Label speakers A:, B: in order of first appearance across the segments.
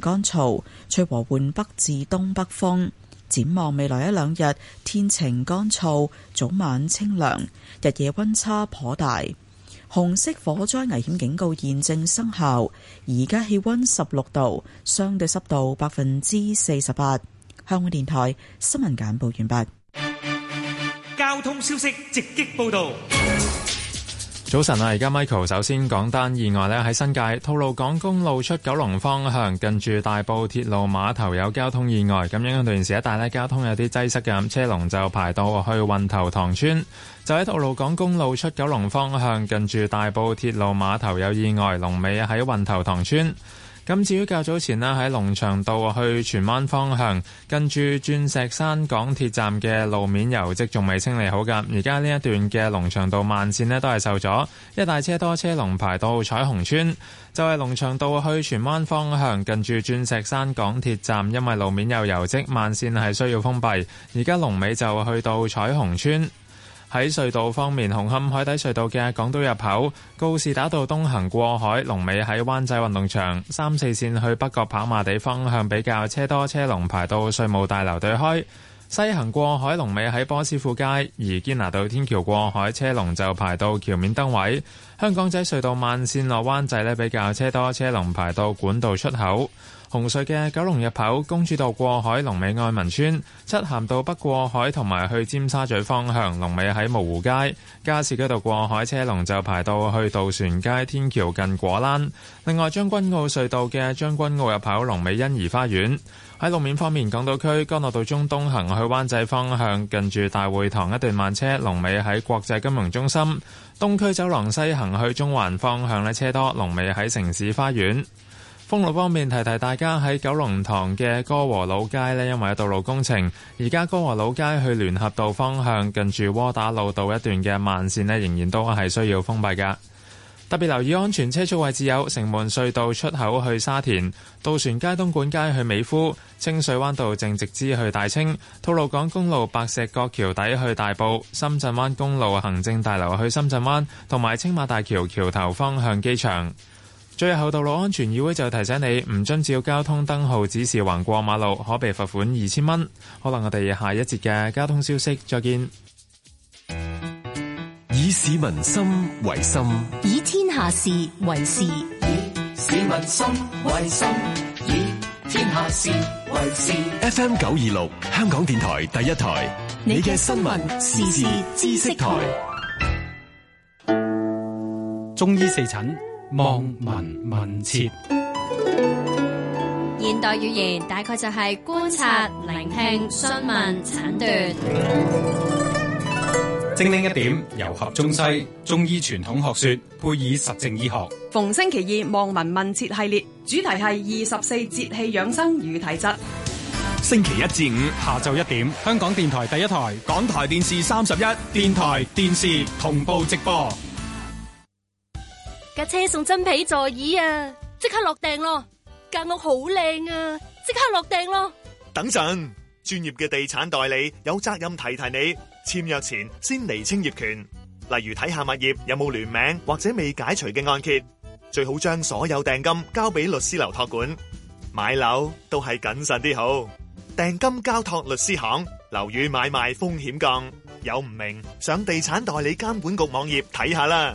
A: 乾燥，吹和緩北至東北風。展望未來一兩日，天晴乾燥，早晚清涼，日夜温差頗大。紅色火災危險警告現正生效。而家氣溫十六度，相對濕度百分之四十八。香港電台新聞簡報完畢。
B: 交通消息直擊報道。
C: 早晨啊，而家 Michael 首先講單意外咧，喺新界吐露港公路出九龍方向近住大埔鐵路碼頭有交通意外，咁因為嗰段時間一帶呢，交通有啲擠塞嘅，咁車龍就排到去運頭塘村，就喺吐露港公路出九龍方向近住大埔鐵路碼頭有意外，龍尾喺運頭塘村。咁至於較早前喇喺龍翔道去荃灣方向，近住鑽石山港鐵站嘅路面油漬仲未清理好㗎，而家呢一段嘅龍翔道慢線呢，都係受阻，一大車多車龍排到彩虹村，就係龍翔道去荃灣方向近住鑽石山港鐵站，因為路面有油漬，慢線係需要封閉，而家龍尾就去到彩虹村。喺隧道方面，紅磡海底隧道嘅港島入口告士打道東行過海龍尾喺灣仔運動場，三四線去北角跑馬地方向比較車多，車龍排到稅務大樓對開；西行過海龍尾喺波斯富街，而堅拿道天橋過海車龍就排到橋面燈位。香港仔隧道慢線落灣仔呢，比較車多，車龍排到管道出口。紅隧嘅九龍入口，公主道過海，龍尾愛民村；七咸道北過海同埋去尖沙咀方向，龍尾喺蕪湖街；加士居道過海車龍就排到去渡船街天橋近果欄。另外，將軍澳隧道嘅將軍澳入口，龍尾欣怡花園。喺路面方面，港島區干諾道中東行去灣仔方向，近住大會堂一段慢車，龍尾喺國際金融中心；東區走廊西行去中環方向呢，車多，龍尾喺城市花園。公路方面，提提大家喺九龍塘嘅歌和老街咧，因為有道路工程，而家歌和老街去聯合道方向近住窩打老道一段嘅慢線咧，仍然都係需要封閉噶。特別留意安全車速位置有城門隧道出口去沙田，渡船街東莞街去美孚，清水灣道正直支去大清，吐露港公路白石角橋底去大埔，深圳灣公路行政大樓去深圳灣，同埋青馬大橋橋頭方向機場。最後，道路安全議會就提醒你，唔遵照交通燈號指示橫過馬路，可被罰款二千蚊。可能我哋下一節嘅交通消息，再見。以市民心為心，
D: 以天下事為事。以
E: 市民心為心，以天下事為事。
B: F M 九二六，香港電台第一台，你嘅新聞時事知識台，中醫四診。望聞問切，
D: 現代語言大概就係觀，觀察、聆聽、詢問、診斷。
F: 精煉一點，融合中西，中醫傳統學說配以實證醫學。
D: 逢星期二望聞問切系列，主題係二十四節
G: 氣養生與體質。
F: 星期一至五下晝一點，香港電台第一台、港台電視三十一、電台電視同步直播。
D: 架車送真皮座椅啊！即刻落訂咯！間屋好靚啊！即刻落訂咯！
F: 等陣，專業嘅地產代理有責任提提你，簽約前先厘清業權，例如睇下物業有冇聯名或者未解除嘅按揭。最好將所有訂金交俾律師樓託管。買
B: 樓都係謹慎啲好，訂金交託律師行，樓宇買賣風險降。有唔明，上地產代理監管局網頁睇下啦。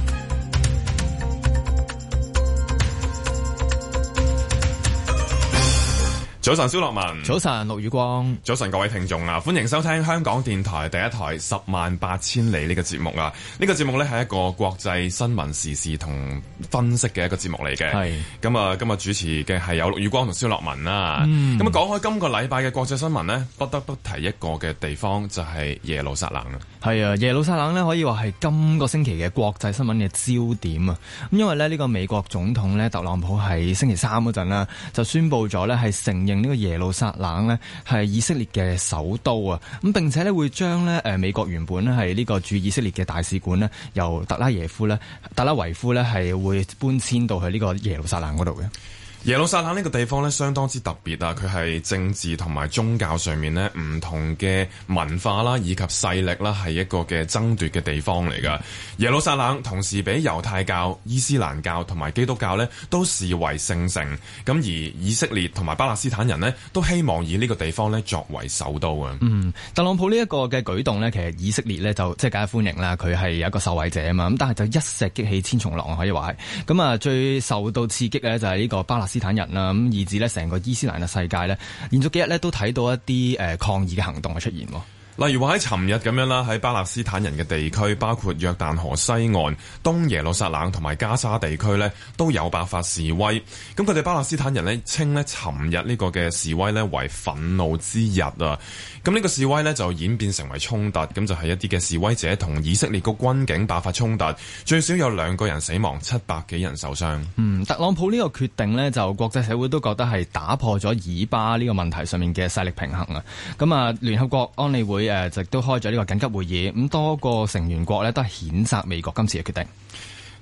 F: 早晨，蕭樂文。早晨，陸宇光。早晨，各位聽眾啊，歡迎收聽香港電台第一台《十萬八千里這》這個、呢個節目啊。呢個節目咧係一個國際新聞時事同分析嘅一個節目嚟嘅。係咁啊，今日主持嘅係有陸宇光同蕭樂文啦。咁、嗯、啊，講開今個禮拜嘅國際新聞咧，不得不提一個嘅地方就係、是、耶路撒冷
B: 啊。係啊，耶路撒冷咧可以話係今個星期嘅國際新聞嘅焦點啊。咁因為咧呢、這個美國總統咧特朗普喺星期三嗰陣啦，就宣佈咗咧係承認。呢個耶路撒冷咧係以色列嘅首都啊，咁並且咧會將咧誒美國原本咧係呢個駐以色列嘅大使館咧，由特拉耶夫咧、特拉維夫咧係會搬遷到去呢個耶路撒冷嗰度嘅。耶路撒冷呢個地方咧，相當之特別啊！佢係政治同
F: 埋宗教上面咧，唔同嘅文化啦，以及勢力啦，係一個嘅爭奪嘅地方嚟噶。耶路撒冷同時俾猶太教、伊斯蘭教同埋基督教咧，都視為聖城。咁而以色列同埋巴勒斯坦人咧，都希望以呢個
B: 地方咧作為首都啊。嗯，特朗普呢一個嘅舉動咧，其實以色列咧就即係梗係歡迎啦，佢係有一個受惠者啊嘛。咁但係就一石激起千重浪，可以話係。咁啊，最受到刺激咧就係呢個巴勒斯坦斯坦人啦，咁以至咧成個伊斯蘭嘅世界咧，連續幾日咧都睇到一啲誒抗議嘅行動嘅出現。例如話喺尋日咁樣啦，喺巴勒斯坦人
F: 嘅地區，包括約旦河西岸、東耶路撒冷同埋加沙地區呢，都有爆發示威。咁佢哋巴勒斯坦人呢稱呢尋日呢個嘅示威呢為憤怒之日啊。咁呢個示威呢就演變成為衝突，咁就係一啲嘅示威者同以色列個軍警爆發衝突，最少有兩個人死亡，七百幾人受傷。
B: 嗯，特朗普呢個決定呢，就國際社會都覺得係打破咗以巴呢個問題上面嘅勢力平衡啊。咁啊，聯合國安理會。佢誒，亦都開咗呢個緊急會議，咁多個成員國咧都係譴責美國今次嘅決定。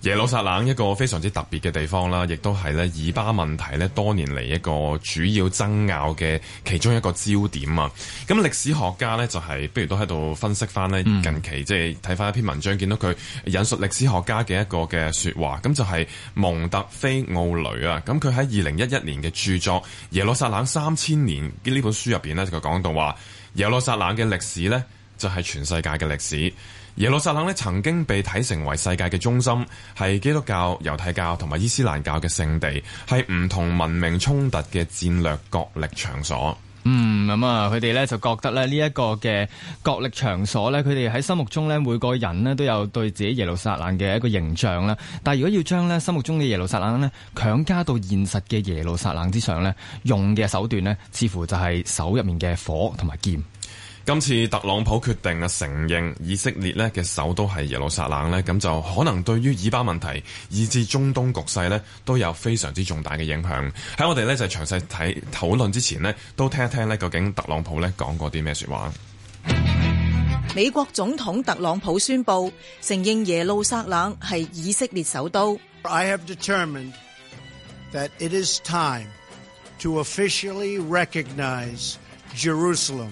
B: 耶路撒冷一個非常之特別嘅地方
F: 啦，亦都係咧以巴問題咧多年嚟一個主要爭拗嘅其中一個焦點啊。咁歷史學家咧就係、是、不如都喺度分析翻呢近期即係睇翻一篇文章，見到佢引述歷史學家嘅一個嘅說話，咁就係蒙特菲奧雷啊。咁佢喺二零一一年嘅著作《耶路撒冷三千年》呢本書入邊咧，就講到話。耶路撒冷嘅歷史呢，就係全世界嘅歷史。耶路撒冷呢，曾經被睇成為世界嘅中心，係基督教、猶太教同埋伊斯蘭教嘅聖地，係唔同文明衝突嘅戰略角力場所。
B: 嗯，咁啊，佢哋咧就覺得咧呢一個嘅角力場所咧，佢哋喺心目中咧每個人咧都有對自己耶路撒冷嘅一個形象啦。但係如果要將咧心目中嘅耶路撒冷咧強加到現實嘅耶路撒冷之上咧，用嘅手段咧，似乎就係手入面嘅火同埋劍。
F: 今次特朗普決定啊承認以色列咧，嘅首都係耶路撒冷咧，咁就可能對於以巴問題以至中東局勢咧都有非常之重大嘅影響。喺我哋咧就詳細睇討論之前咧，都聽一聽咧究竟特朗普咧講過啲咩說話。
G: 美國總統特朗普宣布承認耶路撒冷係以色列首都。I have determined that it is time to officially recognize
H: Jerusalem.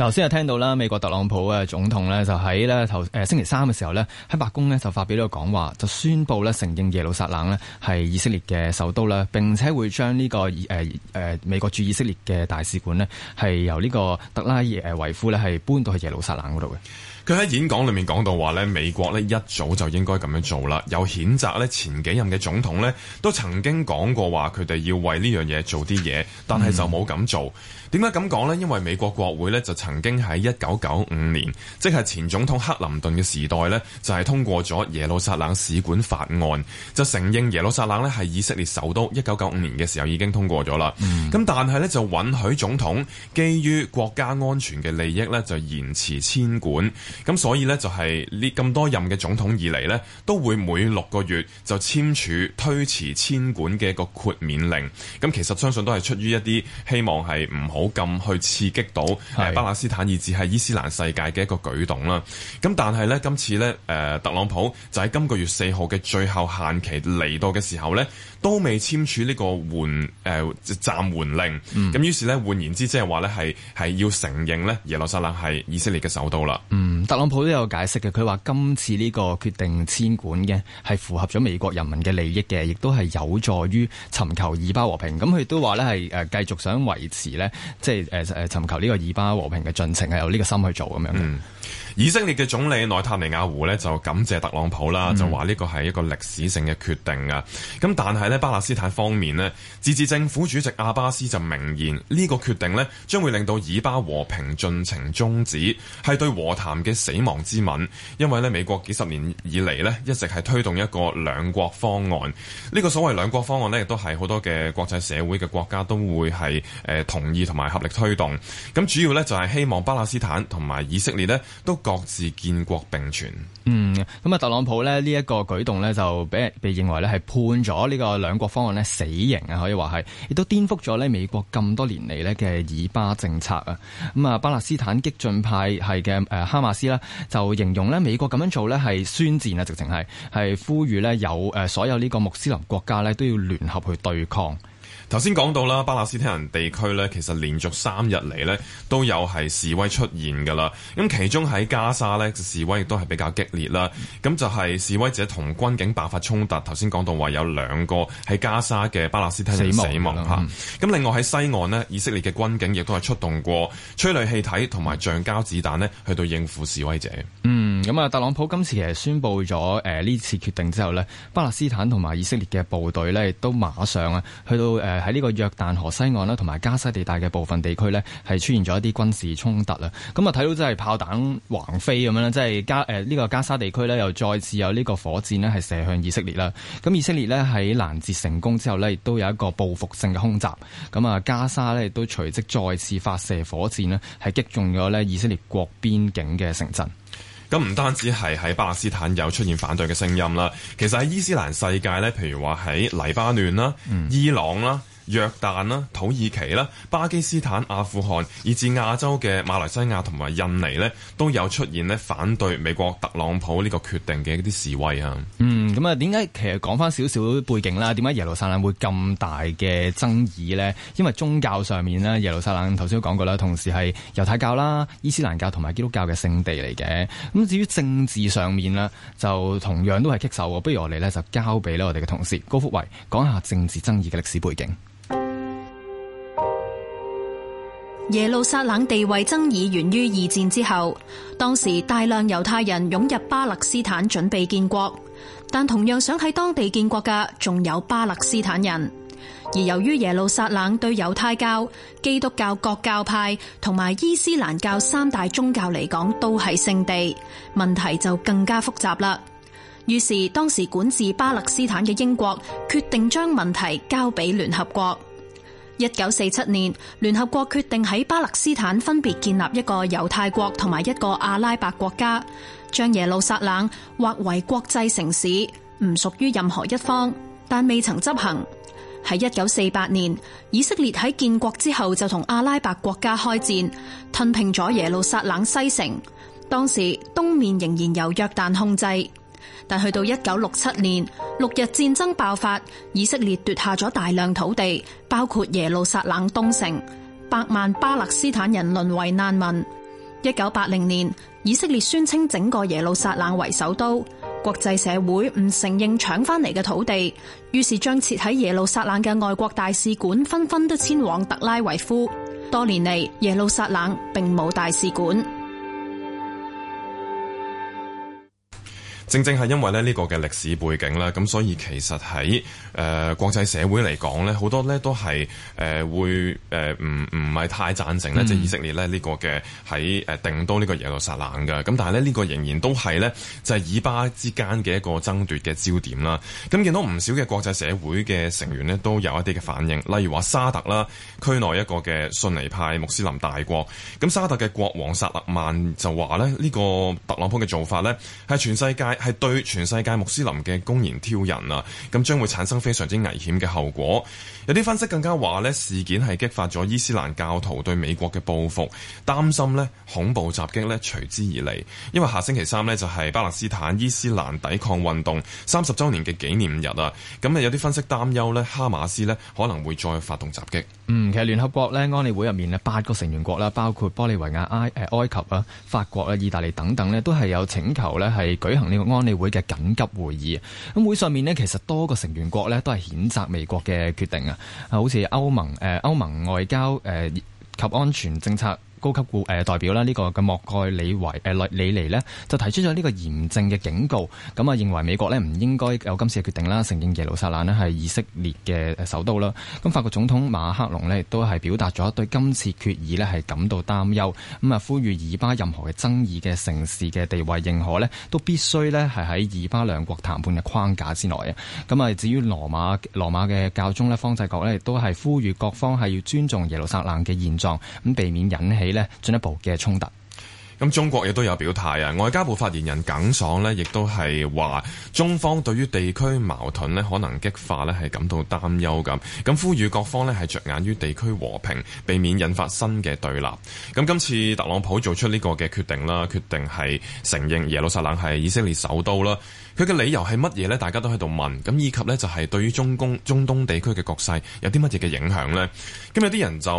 B: 頭先啊，聽到啦，美國特朗普嘅總統咧，就喺咧頭誒星期三嘅時候咧，喺白宮咧就發表咗個講話，就宣布咧承認耶路撒冷咧係以色列嘅首都啦，並且會將呢、這個誒誒、呃呃、美國駐以色列嘅大使館呢，係由呢個特拉耶誒維夫咧係搬到去耶路撒冷嗰度嘅。佢
F: 喺演講裏面講到話咧，美國咧一早就應該咁樣做啦，有譴責咧前幾任嘅總統呢都曾經講過話，佢哋要為呢樣嘢做啲嘢，但係就冇咁做。點解咁講呢？因為美國國會呢就曾經喺一九九五年，即係前總統克林頓嘅時代呢，就係通過咗耶路撒冷使館法案，就承認耶路撒冷呢係以色列首都。一九九五年嘅時候已經通過咗啦。咁、嗯、但係呢，就允許總統基於國家安全嘅利益呢，就延遲遷館。咁所以呢，就係呢咁多任嘅總統以嚟呢，都會每六個月就簽署推遲遷館嘅一個豁免令。咁其實相信都係出於一啲希望係唔好咁去刺激到巴勒斯坦，以至係伊斯蘭世界嘅一個舉動啦。咁但係呢，今次呢，呃、特朗普就喺今個月四號嘅最後限期嚟到嘅時候呢，都未簽署呢個緩誒、呃、暫緩令。咁、嗯、於是呢，換言之，即係話呢，係係要承認呢，耶路撒冷係以色列嘅首都啦。嗯。
B: 特朗普都有解釋嘅，佢話今次呢個決定遷館嘅係符合咗美國人民嘅利益嘅，亦都係有助於尋求以巴和平。咁佢都話咧，係誒繼續想維持咧，即係誒誒尋求呢個以巴和平嘅進程係有呢個心去做咁樣嘅。嗯。以色列
F: 嘅總理內塔尼亞胡呢，就感謝特朗普啦，嗯、就話呢個係一個歷史性嘅決定啊！咁但係呢，巴勒斯坦方面呢，自治政府主席阿巴斯就明言呢，呢個決定呢，將會令到以巴和平進程終止，係對和談嘅死亡之吻。因為呢，美國幾十年以嚟，呢，一直係推動一個兩國方案，呢，呢個所謂兩國方案呢，亦都係好多嘅國際社會嘅國家都會係誒、呃、同意同埋合力推動。咁主要呢，就係、係、希望巴勒斯坦同埋以色列呢。都各自建國並存。
B: 嗯，咁啊，特朗普咧呢一個舉動咧就俾被認為咧係判咗呢個兩國方案咧死刑啊，可以話係，亦都顛覆咗咧美國咁多年嚟咧嘅以巴政策啊。咁啊，巴勒斯坦激進派系嘅誒哈馬斯咧就形容咧美國咁樣做咧係宣戰啊，直情係係呼籲咧有誒所有呢個穆斯林國家咧都要聯合去對抗。頭先講到啦，巴勒斯坦人地區咧，其實
F: 連續三日嚟咧都有係示威出現㗎啦。咁其中喺加沙咧，示威亦都係比較激烈啦。咁、嗯、就係示威者同軍警爆發衝突。頭先講到話有兩個喺加沙嘅巴勒斯坦人死亡嚇。咁、嗯、另外喺西岸呢，以色列嘅軍警亦都係出動過催淚氣體同埋橡膠子彈呢，去到應付示威者。嗯。
B: 咁啊！特朗普今次其實宣布咗誒呢次決定之後咧，巴勒斯坦同埋以色列嘅部隊咧，都馬上啊去到誒喺呢個約旦河西岸啦，同埋加沙地帶嘅部分地區咧，係出現咗一啲軍事衝突啦。咁啊，睇、嗯、到真係炮彈橫飛咁樣，即係加誒呢、呃這個加沙地區咧，又再次有呢個火箭咧係射向以色列啦。咁以色列咧喺攔截成功之後咧，亦都有一個報復性嘅空襲。咁啊，加沙咧亦都隨即再次發射火箭咧，係擊中咗咧以色列國邊境嘅城鎮。
F: 咁唔單止係喺巴勒斯坦有出現反對嘅聲音啦，其實喺伊斯蘭世界咧，譬如話喺黎巴嫩啦、嗯、伊朗啦。約旦啦、土耳其啦、巴基斯坦、阿富汗，以至亞洲嘅馬來西亞同埋印尼呢，都有出現咧反對美國特朗普呢個決定嘅啲示威啊。嗯，
B: 咁啊，點解，其實講翻少少背景啦。點解耶路撒冷會咁大嘅爭議呢？因為宗教上面呢，耶路撒冷頭先都講過啦，同時係猶太教啦、伊斯蘭教同埋基督教嘅聖地嚟嘅。咁至於政治上面呢，就同樣都係棘手。不如我哋咧就交俾咧我哋嘅同事高福維講下政治爭議嘅歷史背景。
D: 耶路撒冷地位爭議源於二戰之後，當時大量猶太人湧入巴勒斯坦準備建國，但同樣想喺當地建國嘅仲有巴勒斯坦人。而由於耶路撒冷對猶太教、基督教各教派同埋伊斯蘭教三大宗教嚟講都係聖地，問題就更加複雜啦。於是當時管治巴勒斯坦嘅英國決定將問題交俾聯合國。一九四七年，聯合國決定喺巴勒斯坦分別建立一個猶太國同埋一個阿拉伯國家，將耶路撒冷劃為國際城市，唔屬於任何一方，但未曾執行。喺一九四八年，以色列喺建國之後就同阿拉伯國家開戰，吞併咗耶路撒冷西城。當時東面仍然由約旦控制。但去到一九六七年六日戰爭爆發，以色列奪下咗大量土地，包括耶路撒冷東城，百萬巴勒斯坦人淪為難民。一九八零年，以色列宣稱整個耶路撒冷為首都，國際社會唔承認搶翻嚟嘅土地，於是將設喺耶路撒冷嘅外國大使館紛紛都遷往特拉維夫。多年嚟，耶路撒冷並冇大使館。
F: 正正係因為咧呢個嘅歷史背景啦，咁所以其實喺誒、呃、國際社會嚟講咧，好多咧都係誒、呃、會誒唔唔係太贊成咧，即、嗯、係、就是、以色列咧呢個嘅喺誒定都呢個耶路撒冷嘅。咁但係咧呢個仍然都係咧就係、是、以巴之間嘅一個爭奪嘅焦點啦。咁見到唔少嘅國際社會嘅成員咧都有一啲嘅反應，例如話沙特啦，區內一個嘅遜尼派穆斯林大國，咁沙特嘅國王薩勒曼就話咧呢個特朗普嘅做法咧係全世界。係對全世界穆斯林嘅公然挑釁啊，咁將會產生非常之危險嘅後果。有啲分析更加話呢事件係激發咗伊斯蘭教徒對美國嘅報復，擔心呢恐怖襲擊呢隨之而嚟。因為下星期三呢就係巴勒斯坦伊斯蘭抵抗運動三十週年嘅紀念日啊，咁啊
B: 有啲分析擔憂呢哈馬斯呢可能會再發動襲擊。嗯，其實聯合國咧安理會入面呢八個成員國啦，包括玻利維亞、埃誒埃及啊、法國啦、意大利等等呢都係有請求咧係舉行呢個安理會嘅緊急會議。咁會上面呢其實多個成員國咧都係譴責美國嘅決定啊，好似歐盟誒歐盟外交誒及安全政策。高級顧誒代表啦，呢個嘅莫蓋里維誒內里尼就提出咗呢個嚴正嘅警告，咁啊認為美國咧唔應該有今次嘅決定啦，承認耶路撒冷咧係以色列嘅首都啦。咁法國總統馬克龍咧亦都係表達咗對今次決議咧係感到擔憂，咁啊呼籲以巴任何嘅爭議嘅城市嘅地位認可咧，都必須咧係喺以巴兩國談判嘅框架之內啊。咁啊至於羅馬羅馬嘅教宗咧方濟各咧，亦都係呼籲各方係要尊重耶路撒冷嘅現狀，咁避免引起進一步嘅衝突，咁中國亦都有表態啊！外交部
F: 發言人耿爽呢亦都係話中方對於地區矛盾呢可能激化呢係感到擔憂咁，咁呼籲各方呢係着眼於地區和平，避免引發新嘅對立。咁今次特朗普做出呢個嘅決定啦，決定係承認耶路撒冷係以色列首都啦。佢嘅理由係乜嘢咧？大家都喺度問，咁以及咧就係對於中東中東地區嘅局勢有啲乜嘢嘅影響呢？咁有啲人就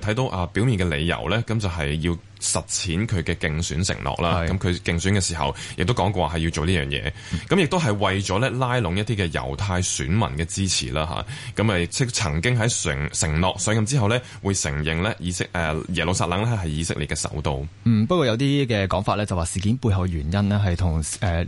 F: 睇到啊表面嘅理由咧，咁就係要實踐佢嘅競選承諾啦。咁佢競選嘅時候，亦都講過話係要做呢樣嘢，咁亦都係為咗咧拉攏一啲嘅猶太選民嘅支持啦吓，咁咪即曾經喺承承諾上任之後呢，會承認咧以色耶路撒冷咧係以色列嘅首都。
B: 嗯，不過有啲嘅講法咧就話事件背後嘅原因呢，係同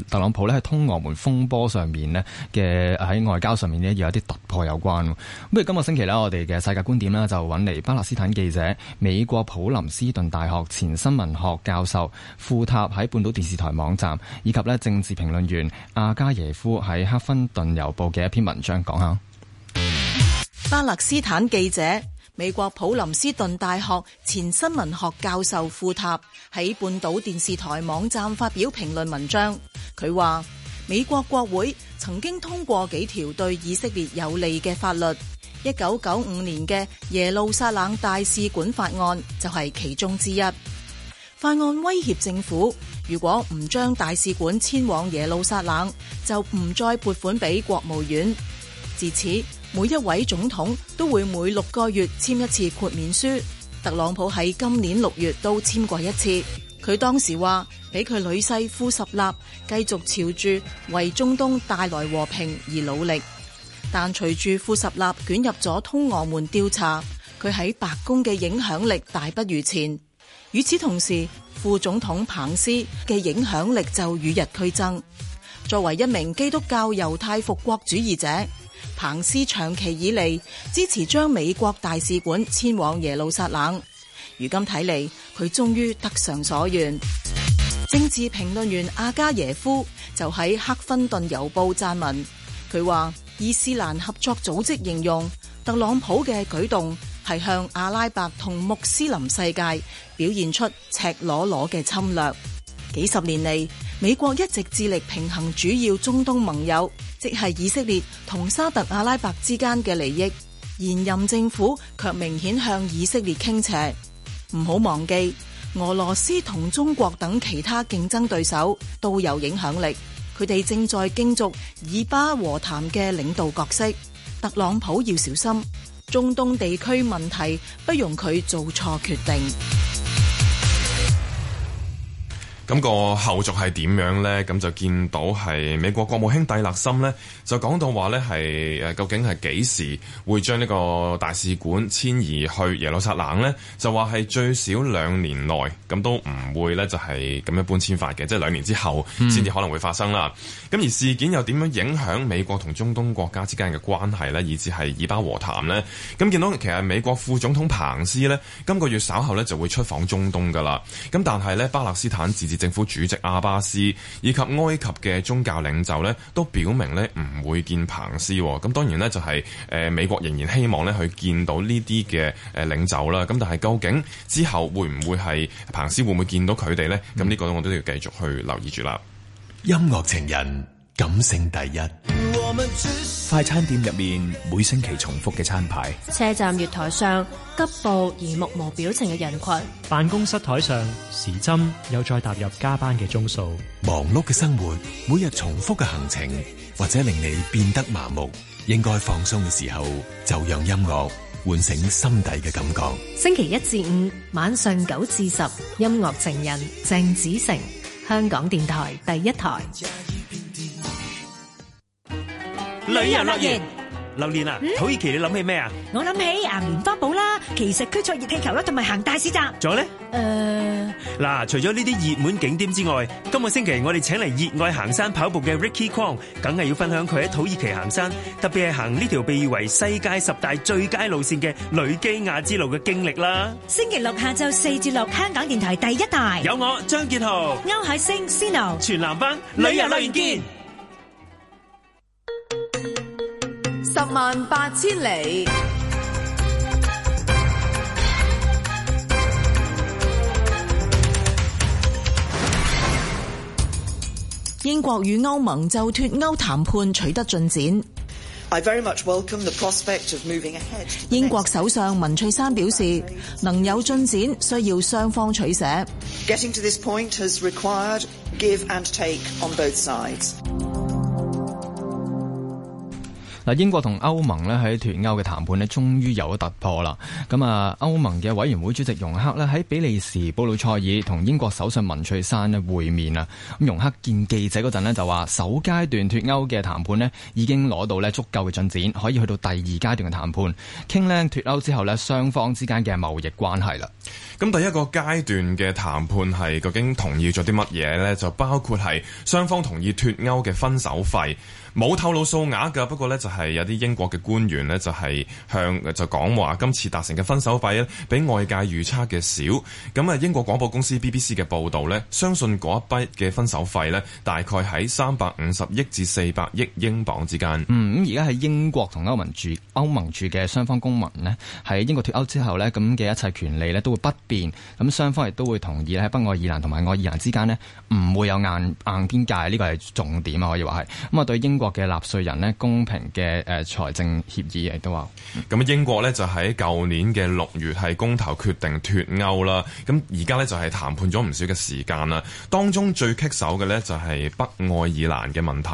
B: 特朗普咧係通門風波上面呢嘅，喺外交上面呢，有一啲突破有關。不如今個星期呢，我哋嘅世界觀點呢，就揾嚟巴，巴勒斯坦記者、美國普林斯頓大學前新聞學教授富塔喺半島電視台網站，以及呢政治評論員阿加耶夫喺《赫芬頓郵報》嘅一篇文章講下。
G: 巴勒斯坦記者、美國普林斯頓大學前新聞學教授富塔喺半島電視台網站發表評論文章，佢話。美國國會曾經通過幾條對以色列有利嘅法律，一九九五年嘅耶路撒冷大使館法案就係其中之一。法案威脅政府，如果唔將大使館遷往耶路撒冷，就唔再撥款俾國務院。自此，每一位總統都會每六個月簽一次豁免書。特朗普喺今年六月都簽過一次，佢當時話俾佢女婿庫什納繼續朝住為中東帶來和平而努力，但隨住庫什納捲入咗通俄門調查，佢喺白宮嘅影響力大不如前。與此同時，副總統彭斯嘅影響力就與日俱增。作為一名基督教猶太復國主義者，彭斯長期以嚟支持將美國大使館遷往耶路撒冷。如今睇嚟，佢終於得償所願。政治評論員阿加耶夫就喺《赫芬頓郵報》撰文，佢話：伊斯蘭合作組織形容特朗普嘅舉動係向阿拉伯同穆斯林世界表現出赤裸裸嘅侵略。幾十年嚟，美國一直致力平衡主要中東盟友，即係以色列同沙特阿拉伯之間嘅利益。現任政府卻明顯向以色列傾斜。唔好忘記。俄羅斯同中國等其他競爭對手都有影響力，佢哋正在競逐以巴和談嘅領導角色。特朗普要小心，中東地區問題不容佢做錯決定。
F: 咁個後續係點樣咧？咁就見到係美國國務卿蒂勒森咧，就講到話咧係誒，究竟係幾時會將呢個大使館遷移去耶路撒冷咧？就話係最少兩年內咁都唔會咧，就係咁樣搬遷法嘅，即係兩年之後先至可能會發生啦。咁、嗯、而事件又點樣影響美國同中東國家之間嘅關係咧？以至係以巴和談咧？咁見到其實美國副總統彭斯咧，今個月稍後咧就會出訪中東噶啦。咁但係咧巴勒斯坦自治政府主席阿巴斯以及埃及嘅宗教領袖呢都表明呢唔會見彭斯。咁當然呢就係誒美國仍然希望呢去見到呢啲嘅誒領袖啦。咁但係究竟之後會唔會係彭斯會唔會見到佢哋呢？咁、嗯、呢個我都要繼續去留意住啦。音樂情人。感性第一，快餐店入
B: 面每星期重複嘅餐牌，
D: 車站月台上急步而目無表情嘅人群，
B: 辦公室台上時針又再踏入加班嘅鐘數，忙碌嘅生活，每日重複嘅行程，或者令你變得麻木。應
F: 該放鬆嘅時候，就讓音樂喚醒心底嘅感覺。
D: 星期一至五晚上九至十，音樂情人鄭子誠，香港電台第一台。
I: 旅遊
C: 樂園，榴蓮啊！土耳其你諗起咩啊？
D: 我諗起啊，棉花堡啦，其實驅逐熱氣球啦，同埋行大市集。仲有咧？誒，
C: 嗱，除咗呢啲熱門景點之外，今個星期我哋請嚟熱愛行山跑步嘅 Ricky Kwong，梗係要分享佢喺土耳其行山，特別係行呢條被譽為世界十大最佳路線嘅雷基亞之路嘅經歷啦。
D: 星期六下晝四至六，香港電台第一台，有我張建豪，歐海星，Cino，全南方，旅遊樂園見。
G: 十萬八千里。英國與歐盟就脱歐談判取得進展。英國首相文翠珊表示，能有進展需要雙方取
A: 捨。
G: 英國
B: 同歐盟咧喺脱歐嘅談判呢終於有咗突破啦！咁啊，歐盟嘅委員會主席容克呢喺比利時布魯塞爾同英國首相文翠珊呢會面啊！咁容克見記者嗰陣呢，就話，首階段脱歐嘅談判呢已經攞到呢足夠嘅進展，可以去到第二階段嘅談判，傾呢脱歐之後呢，雙方之間嘅貿易關係啦。咁第一個階段嘅談判係究竟同意咗啲乜嘢呢？就包括
F: 係雙方同意脱歐嘅分手費。冇透露數額㗎，不過呢，就係有啲英國嘅官員呢，就係向就講話，今次達成嘅分手費呢比外界預測嘅少。咁啊，英國廣播公司 BBC 嘅報導呢，相信嗰一筆嘅分手費
B: 呢，大概喺三百五十億至四百億英鎊之間。嗯，咁而家喺英國同歐盟住歐盟住嘅雙方公民呢，喺英國脱歐之後呢，咁嘅一切權利呢都會不變。咁雙方亦都會同意喺北愛爾蘭同埋愛爾蘭之間呢，唔會有硬硬邊界。呢、這個係重點啊，可以話係。咁啊，對英國。嘅納稅人咧，公平嘅誒財政協議，亦都話，咁啊英國呢就喺舊年嘅六月係公投決定
F: 脱歐啦。咁而家呢就係談判咗唔少嘅時間啦。當中最棘手嘅呢就係北愛爾蘭嘅問題，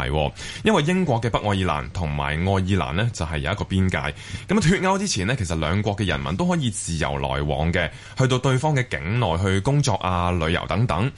F: 因為英國嘅北愛爾蘭同埋愛爾蘭呢就係有一個邊界。咁脱歐之前呢，其實兩國嘅人民都可以自由來往嘅，去到對方嘅境內去工作啊、旅遊等等。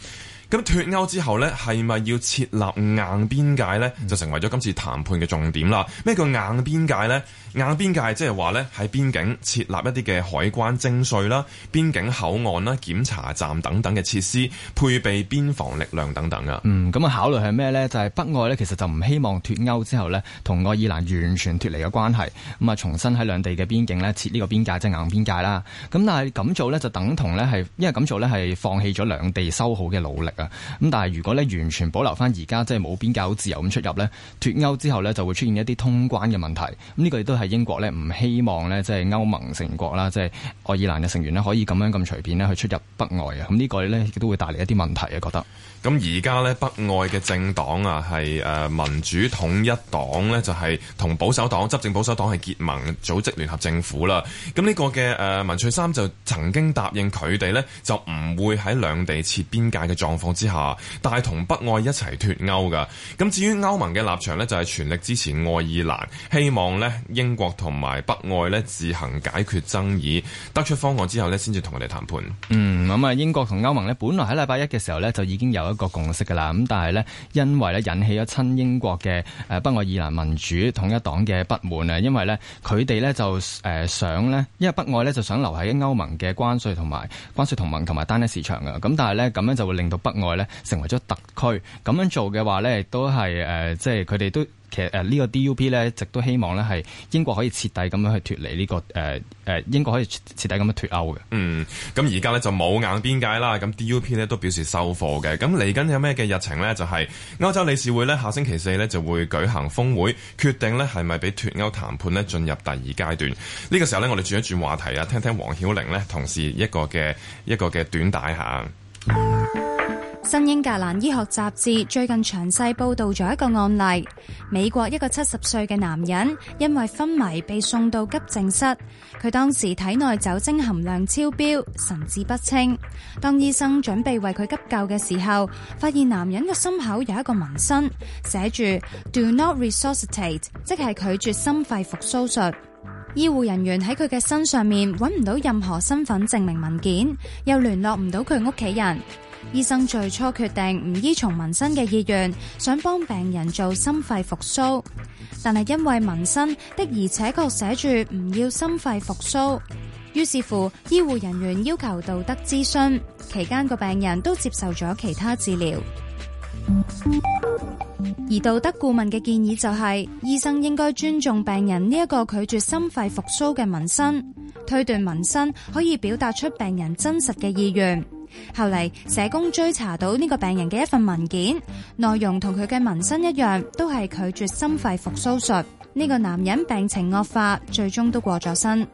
F: 咁脱歐之後咧，係咪要設立硬邊界咧？就成為咗今次談判嘅重點啦。咩叫硬邊界咧？硬邊界，即係話咧，喺邊境設立一啲嘅海關徵稅啦、邊
B: 境口岸啦、檢查站等等嘅設施，配備邊防力量等等噶。嗯，咁啊考慮係咩呢？就係、是、北外呢，其實就唔希望脫歐之後呢，同愛爾蘭完全脫離嘅關係。咁啊，重新喺兩地嘅邊境呢，設呢個邊界，即、就、係、是、硬邊界啦。咁但係咁做呢，就等同呢，係因為咁做呢，係放棄咗兩地修好嘅努力啊。咁但係如果呢，完全保留翻而家即係冇邊界好自由咁出入呢，脫歐之後呢，就會出現一啲通關嘅問題。咁、這、呢個亦都係。英國咧唔希望咧，即係歐盟成國啦，即係愛爾蘭嘅成員咧，可以咁樣咁隨便咧去出入北愛啊！咁、這、呢個咧，亦都會帶嚟一啲問題啊，覺得。咁而家呢北
F: 愛嘅政黨啊，係誒民主統一黨咧，就係同保守黨執政保守黨係結盟組織聯合政府啦。咁呢個嘅誒文翠三就曾經答應佢哋咧，就唔會喺兩地設邊界嘅狀況之下，但係同北愛一齊脫歐噶。咁至於歐盟嘅立場咧，就係全力支持愛爾蘭，希望咧
B: 英國同埋北愛咧自行解決爭議得出方案之後咧，先至同佢哋談判。嗯，咁啊英國同歐盟咧，本來喺禮拜一嘅時候咧，就已經有一個共識噶啦，咁但係咧，因為咧引起咗親英國嘅誒北愛爾蘭民主統一黨嘅不滿啊，因為咧佢哋咧就誒想咧，因為北愛咧就想留喺歐盟嘅關稅同埋關稅同盟同埋單一市場噶，咁但係咧咁樣就會令到北愛咧成為咗特區，咁樣做嘅話咧亦都係誒即係佢哋都。其實誒呢個 DUP 咧，一直都希望咧係英國可以徹底咁樣去脫離呢個誒誒、呃、英國可以徹底咁樣脫歐嘅。嗯，
F: 咁而家咧就冇硬邊界啦。咁 DUP 咧都表示收貨嘅。咁嚟緊有咩嘅日程咧？就係、是、歐洲理事會咧下星期四咧就會舉行峰會，決定咧係咪俾脫歐談判咧進入第二階段。呢、這個時候咧，我哋轉一轉話題啊，聽聽黃曉玲咧，同時一個嘅一個嘅短帶吓。嗯
J: 新英格蘭醫學雜誌最近詳細報道咗一個案例：美國一個七十歲嘅男人因為昏迷被送到急症室，佢當時體內酒精含量超標，神志不清。當醫生準備為佢急救嘅時候，發現男人嘅心口有一個紋身，寫住 “do not resuscitate”，即係拒絕心肺復甦術。醫護人員喺佢嘅身上面揾唔到任何身份證明文件，又聯絡唔到佢屋企人。醫生最初決定唔依從紋身嘅意願，想幫病人做心肺復甦，但係因為紋身的而且確寫住唔要心肺復甦，於是乎醫護人員要求道德諮詢。期間個病人都接受咗其他治療，而道德顧問嘅建議就係、是、醫生應該尊重病人呢一個拒絕心肺復甦嘅紋身，推斷紋身可以表達出病人真實嘅意願。後嚟社工追查到呢個病人嘅一份文件，內容同佢嘅紋身一樣，都係拒絕心肺復甦術。呢個男人病情惡化，最終都過咗身。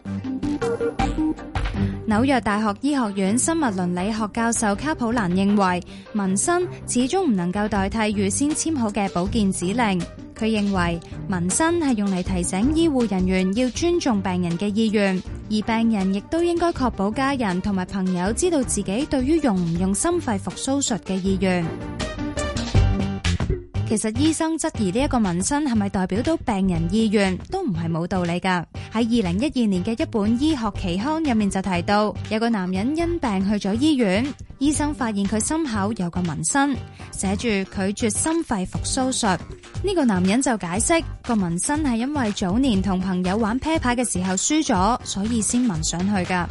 J: 紐約大學醫學院生物倫理學教授卡普蘭認為，紋身始終唔能夠代替預先簽好嘅保健指令。佢認為，紋身係用嚟提醒醫護人員要尊重病人嘅意願，而病人亦都應該確保家人同埋朋友知道自己對於用唔用心肺復甦術嘅意願。其實醫生質疑呢一個紋身係咪代表到病人意願，都唔係冇道理噶。喺二零一二年嘅一本醫學期刊入面就提到，有個男人因病去咗醫院，醫生發現佢心口有個紋身，寫住拒絕心肺復甦術。呢個男人就解釋，個紋身係因為早年同朋友玩啤牌嘅時候輸咗，所以先紋上去噶。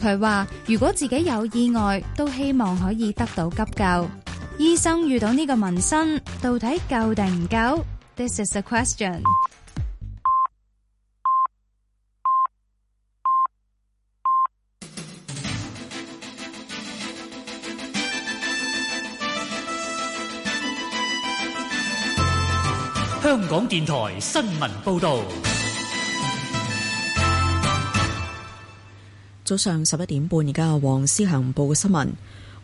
J: 佢話如果自己有意外，都希望可以得到急救。醫生遇到呢個紋身，到底夠定唔夠？This is a question。
H: 香港電台新聞報道。
A: 早上十一點半，而家黃思恒報嘅新聞。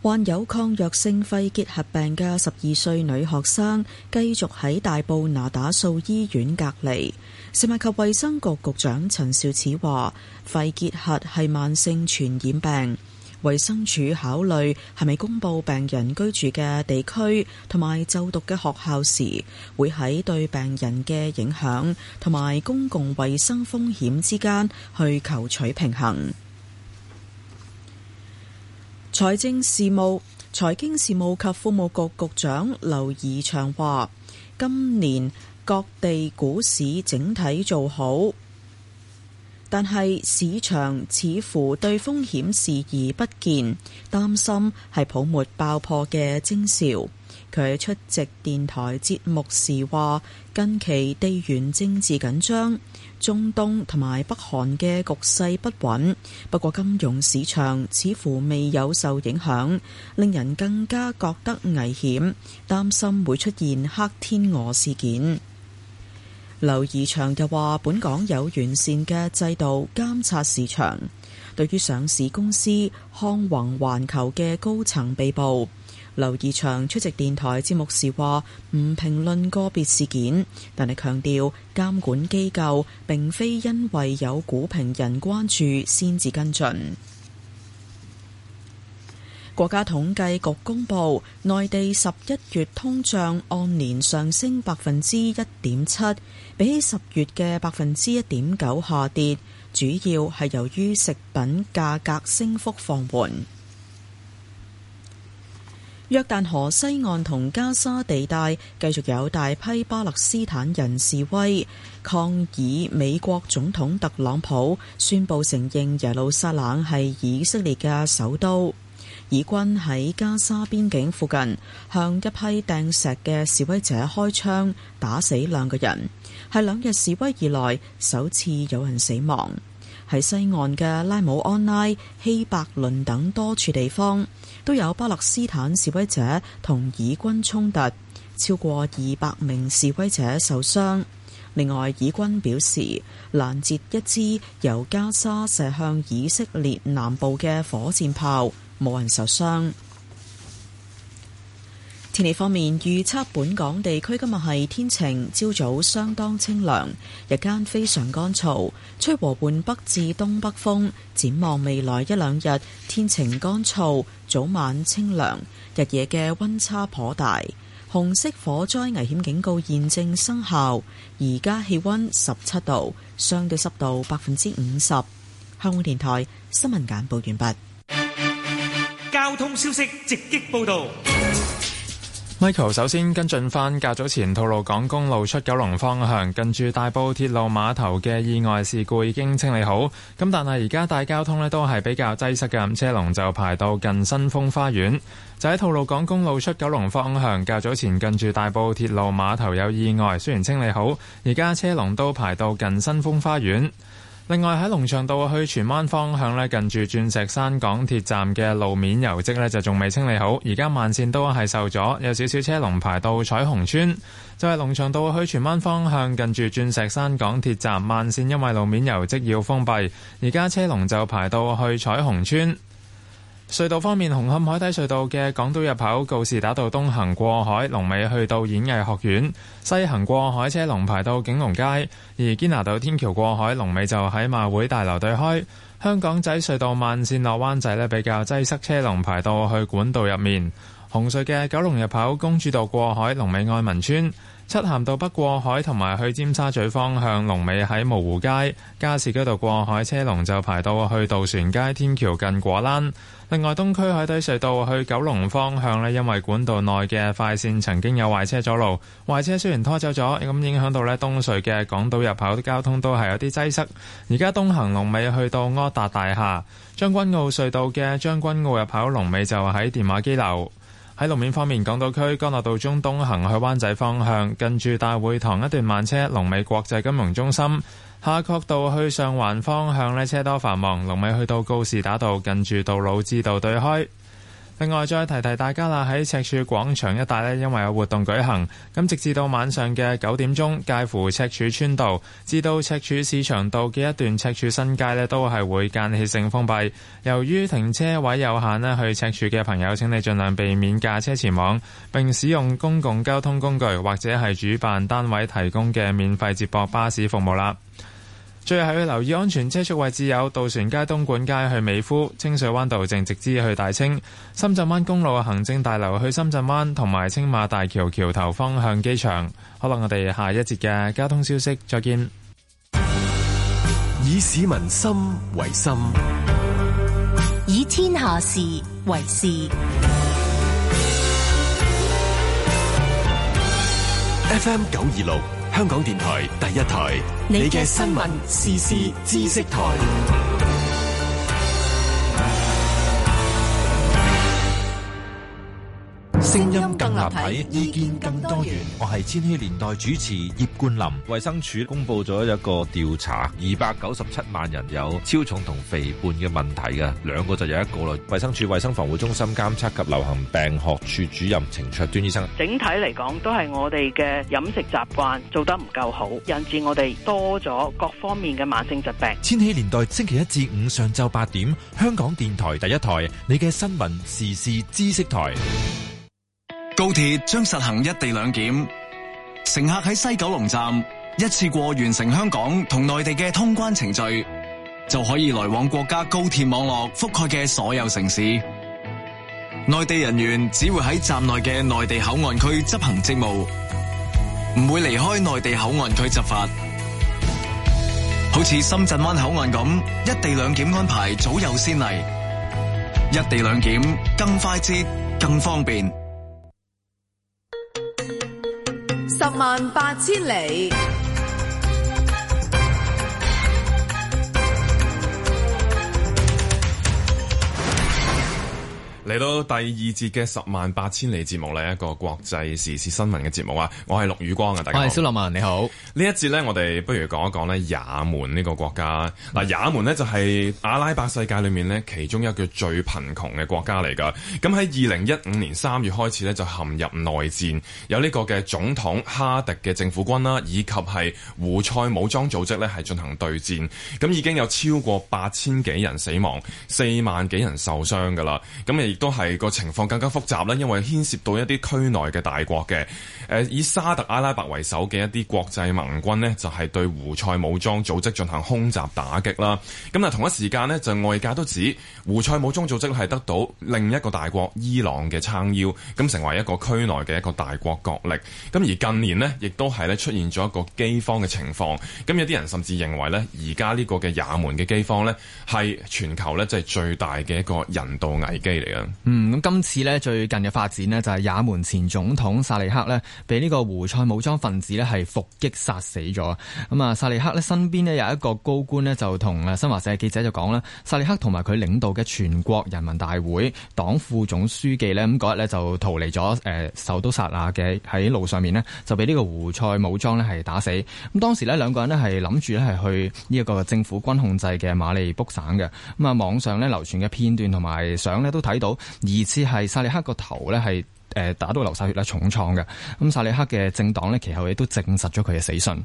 A: 患有抗藥性肺結核病嘅十二歲女學生繼續喺大埔那打素醫院隔離。食物及衛生局局長陳肇始話，肺結核係慢性傳染病。衛生署考慮係咪公布病人居住嘅地區同埋就讀嘅學校時，會喺對病人嘅影響同埋公共衛生風險之間去求取平衡。財政事務、財經事務及庫務局局長劉怡翔話，今年各地股市整體做好，但係市場似乎對風險視而不見，擔心係泡沫爆破嘅徵兆。佢出席電台節目時話，近期地緣政治緊張。中東同埋北韓嘅局勢不穩，不過金融市場似乎未有受影響，令人更加覺得危險，擔心會出現黑天鵝事件。劉怡祥又話，本港有完善嘅制度監察市場，對於上市公司康宏環球嘅高層被捕。劉儀祥出席電台節目時話：唔評論個別事件，但係強調監管機構並非因為有股評人關注先至跟進。國家統計局公佈，內地十一月通脹按年上升百分之一點七，比起十月嘅百分之一點九下跌，主要係由於食品價格升幅放緩。約旦河西岸同加沙地帶繼續有大批巴勒斯坦人示威，抗議美國總統特朗普宣布承認耶路撒冷係以色列嘅首都。以軍喺加沙邊境附近向一批掟石嘅示威者開槍，打死兩個人，係兩日示威以來首次有人死亡。喺西岸嘅拉姆安拉、希伯倫等多處地方，都有巴勒斯坦示威者同以軍衝突，超過二百名示威者受傷。另外，以軍表示，攔截一支由加沙射向以色列南部嘅火箭炮，冇人受傷。天氣方面，預測本港地區今日係天晴，朝早相當清涼，日間非常乾燥，吹和緩北至東北風。展望未來一兩日，天晴乾燥。早晚清涼，日夜嘅溫差頗大。紅色火災危險警告現正生效。而家氣溫十七度，相對濕度百分之五十。香港電台新聞簡報完畢。
B: 交通消息直擊報道。
C: Michael，首先跟進返較早前吐露港公路出九龍方向近住大埔鐵路碼頭嘅意外事故已經清理好，咁但係而家大交通呢都係比較擠塞嘅，車龍就排到近新豐花園。就喺吐露港公路出九龍方向，較早前近住大埔鐵路碼頭有意外，雖然清理好，而家車龍都排到近新豐花園。另外喺龍翔道去荃灣方向咧，近住鑽石山港鐵站嘅路面油漬就仲未清理好，而家慢線都係受阻，有少少車龍排到彩虹村就係、是、龍翔道去荃灣方向近住鑽石山港鐵站慢線，因為路面油漬要封閉，而家車龍就排到去彩虹村隧道方面，紅磡海底隧道嘅港島入口告士打道東行過海，龍尾去到演藝學院；西行過海車龍排到景隆街。而堅拿道天橋過海龍尾就喺馬會大樓對開。香港仔隧道慢線落灣仔呢，比較擠塞，車龍排到去管道入面。紅隧嘅九龍入口公主道過海龍尾愛民村。七咸道北過海同埋去尖沙咀方向，龍尾喺蕪湖街，加士居道過海車龍就排到去渡船街天橋近果欄。另外，東區海底隧道去九龍方向呢，因為管道內嘅快綫曾經有壞車阻路，壞車雖然拖走咗，咁影響到呢東隧嘅港島入口啲交通都係有啲擠塞。而家東行龍尾去到柯達大廈，將軍澳隧道嘅將軍澳入口龍尾就喺電話機樓。喺路面方面，港島區干諾道中東行去灣仔方向，近住大會堂一段慢車；龍尾國際金融中心，夏慤道去上環方向呢車多繁忙，龍尾去到告士打道，近住杜老誌道對開。另外，再提提大家啦，喺赤柱廣場一帶呢，因為有活動舉行，咁直至到晚上嘅九點鐘，介乎赤柱村道至到赤柱市場道嘅一段赤柱新街呢，都係會間歇性封閉。由於停車位有限呢，去赤柱嘅朋友請你盡量避免駕車前往，並使用公共交通工具或者係主辦單位提供嘅免費接駁巴士服務啦。最後要留意安全車速位置有渡船街、東莞街去美孚、清水灣道正直至去大清、深圳灣公路行政大樓去深圳灣同埋青馬大橋橋頭方向機場。好啦，我哋下一節嘅交通消息再見。以市民心為心，
D: 以天下事為事。
B: F M 九二六。香港電台第一台，
D: 你嘅新聞
B: 時事知識台。
G: 集體意見更多
C: 元。我係千禧年代主持葉冠霖。衛生署公布咗一個調查，二百九十七萬人有超重同肥胖嘅問題嘅，兩個就有一個啦。衛生署衛生防護中心監測及流行病學處主任程卓端醫生，
H: 整體嚟講都係我哋嘅飲食習慣做得唔夠好，引致我哋多咗各方面嘅
C: 慢性疾病。千禧年代星期一至五上晝八點，香港電台第一台，你嘅新聞時事知識台。高鐵將實行一地兩
B: 檢，乘客喺西九龍站一次過完成香港同內地嘅通關程序，就可以來往國家高鐵網絡覆蓋嘅所有城市。內地人員只會喺站內嘅內地口岸區執行職務，唔會離開內地口岸區執法。好似深圳灣口岸咁，一地兩檢安排早有先例，一地兩檢更快捷、更方便。
G: 十萬八千里。
F: 嚟到第二節嘅十萬八千里節目，呢一個國際時事新聞嘅節目啊！我係陸宇光啊，大家好，小陸文，你好。呢一節呢，我哋不如講一講咧，也門呢個國家。嗱、嗯，也門呢就係阿拉伯世界裏面呢，其中一個最貧窮嘅國家嚟噶。咁喺二零一五年三月開始呢，就陷入內戰，有呢個嘅總統哈迪嘅政府軍啦，以及係胡塞武裝組織呢，係進行對戰。咁已經有超過八千幾人死亡，四萬幾人受傷噶啦。咁都係個情況更加複雜啦，因為牽涉到一啲區內嘅大國嘅，誒以沙特阿拉伯為首嘅一啲國際盟軍呢，就係對胡塞武裝組織進行空襲打擊啦。咁啊同一時間呢，就外界都指胡塞武裝組織係得到另一個大國伊朗嘅撐腰，咁成為一個區內嘅一個大國角力。咁而近年呢，亦都係咧出現咗一個饑荒嘅情況。咁有啲人甚至認為呢，而家呢個嘅也門嘅饑荒呢，係全球呢，即係最大嘅一個人道危機嚟嘅。
B: 嗯，咁今次呢，最近嘅發展呢，就係也門前總統薩利克呢，俾呢個胡塞武裝份子呢，係伏擊殺死咗。咁啊，薩利克呢，身邊呢，有一個高官呢，就同新華社記者就講啦。薩利克同埋佢領導嘅全國人民大會黨副總書記呢，咁嗰日呢，就逃離咗、呃、首都薩那嘅喺路上面呢，就俾呢個胡塞武裝呢，係打死。咁當時呢，兩個人呢，係諗住呢，係去呢一個政府軍控制嘅馬利卜省嘅。咁啊網上呢，流傳嘅片段同埋相呢，都睇到。而次係薩利克個頭咧係誒打到流晒血啦，重創嘅。咁薩利克嘅政黨咧，其後亦都證實咗佢嘅死訊。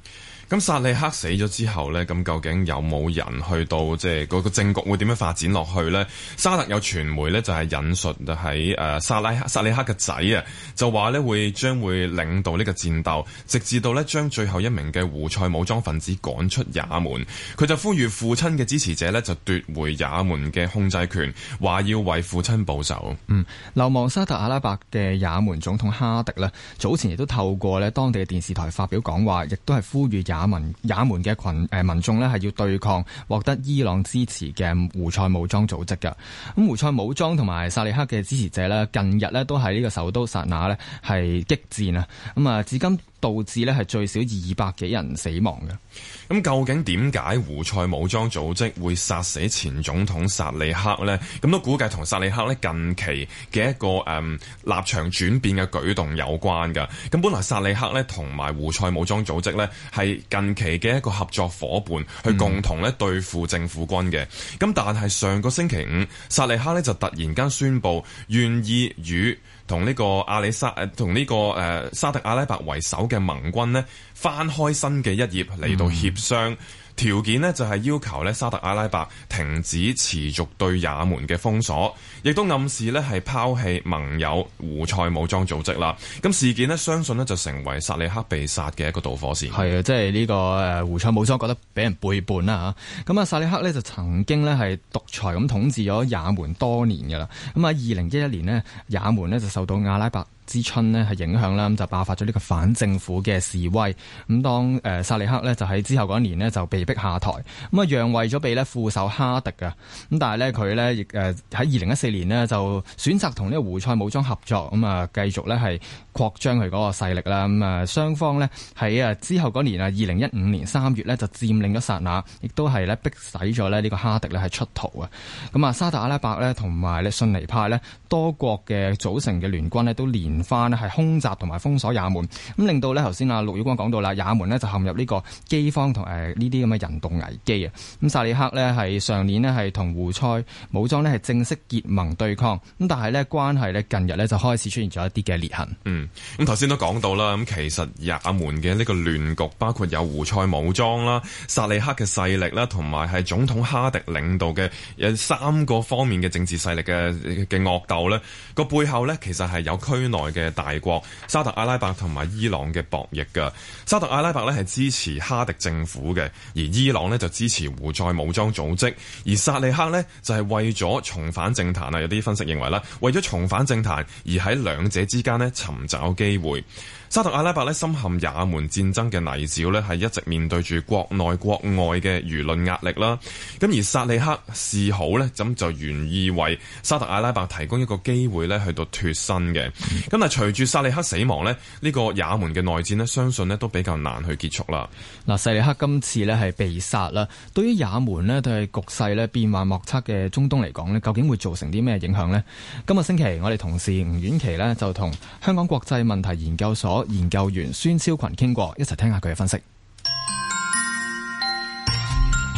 B: 咁薩利克死咗之後呢，咁究竟
F: 有冇人去到即係嗰個政局會點樣發展落去呢？沙特有傳媒呢，就係引述喺誒薩拉薩利克嘅仔啊，就話呢會將會領導呢個戰鬥，直至到呢將最後一名嘅胡塞武裝分子趕出也門。佢就呼籲父親嘅支持者呢，就奪回也門嘅控制權，話要為父親
B: 報仇。嗯，流亡沙特阿拉伯嘅也門總統哈迪呢，早前亦都透過呢當地嘅電視台發表講話，亦都係呼籲雅門也門嘅群誒民眾咧，係要對抗獲得伊朗支持嘅胡塞武裝組織嘅。咁胡塞武裝同埋薩利赫嘅支持者啦，近日咧都喺呢個首都薩那咧係激戰啊！咁啊，至今。導致咧係最少二百幾人死亡嘅。咁究竟點解胡
F: 塞武裝組織會殺死前總統薩利克呢？咁都估計同薩利克呢近期嘅一個誒、嗯、立場轉變嘅舉動有關嘅。咁本來薩利克呢同埋胡塞武裝組織呢係近期嘅一個合作夥伴，去共同咧對付政府軍嘅。咁、嗯、但係上個星期五，薩利克呢就突然間宣布願意與同呢個阿里沙，誒同呢個誒沙特阿拉伯為首嘅盟軍咧，翻開新嘅一頁嚟到協商。嗯條件呢就係要求呢沙特阿拉伯停止持續對也門嘅封鎖，亦都暗示呢係拋棄盟友胡塞武裝組織啦。咁事件呢，相信呢就成
B: 為薩利克被殺嘅一個導火線。係啊，即係呢個誒胡塞武裝覺得俾人背叛啦嚇。咁啊，薩利克呢就曾經呢係獨裁咁統治咗也門多年㗎喇。咁啊，二零一一年呢，也門呢就受到阿拉伯之春呢係影響啦，就爆發咗呢個反政府嘅示威。咁當誒薩利克呢，就喺之後嗰一年呢就被逼下台，咁啊讓位咗俾呢副手哈迪啊。咁但係呢，佢呢亦誒喺二零一四年呢就選擇同呢個胡塞武裝合作，咁啊繼續呢係擴張佢嗰個勢力啦。咁啊雙方呢喺啊之後嗰年啊二零一五年三月呢就佔領咗薩那，亦都係呢逼使咗咧呢個哈迪呢係出逃啊。咁啊沙特阿拉伯呢同埋呢遜尼派呢多國嘅組成嘅聯軍呢都連翻呢係空襲同埋封鎖也門，咁令到咧頭先阿陸宇光講到啦，也門呢就陷入呢個饑荒同誒呢啲咁嘅人道危機啊。咁薩利克呢係上年呢係同胡塞武裝呢係正式結盟對抗，咁但係呢關係呢，近日呢就開始出現咗一啲嘅裂痕。嗯，咁
F: 頭先都講到啦，咁其實也門嘅呢個亂局包括有胡塞武裝啦、薩利克嘅勢力啦，同埋係總統哈迪領導嘅有三個方面嘅政治勢力嘅嘅惡鬥呢，個背後咧，其實係有區內嘅大國沙特阿拉伯同埋伊朗嘅博弈噶。沙特阿拉伯咧係支持哈迪政府嘅，而伊朗呢就支持胡塞武裝組織。而薩利克呢就係為咗重返政壇啊，有啲分析認為啦，為咗重返政壇而喺兩者之間呢尋找機會。沙特阿拉伯咧深陷也門戰爭嘅泥沼呢，係一直面對住國內國外嘅輿論壓力啦。咁而薩利克示好呢，咁就願意為沙特阿拉伯提供一個機會呢，去到脫身嘅。咁啊，隨住薩利克死亡呢，呢個也門
B: 嘅內戰呢，相信呢都比較難去結束啦。嗱，薩利克今次呢，係被殺啦。對於也門呢，對係局勢呢變幻莫測嘅中東嚟講呢，究竟會造成啲咩影響呢？今日星期我哋同事吳婉琪呢，就同香港國際問題研究所。研究員孫超群傾過，一齊聽下佢嘅分析。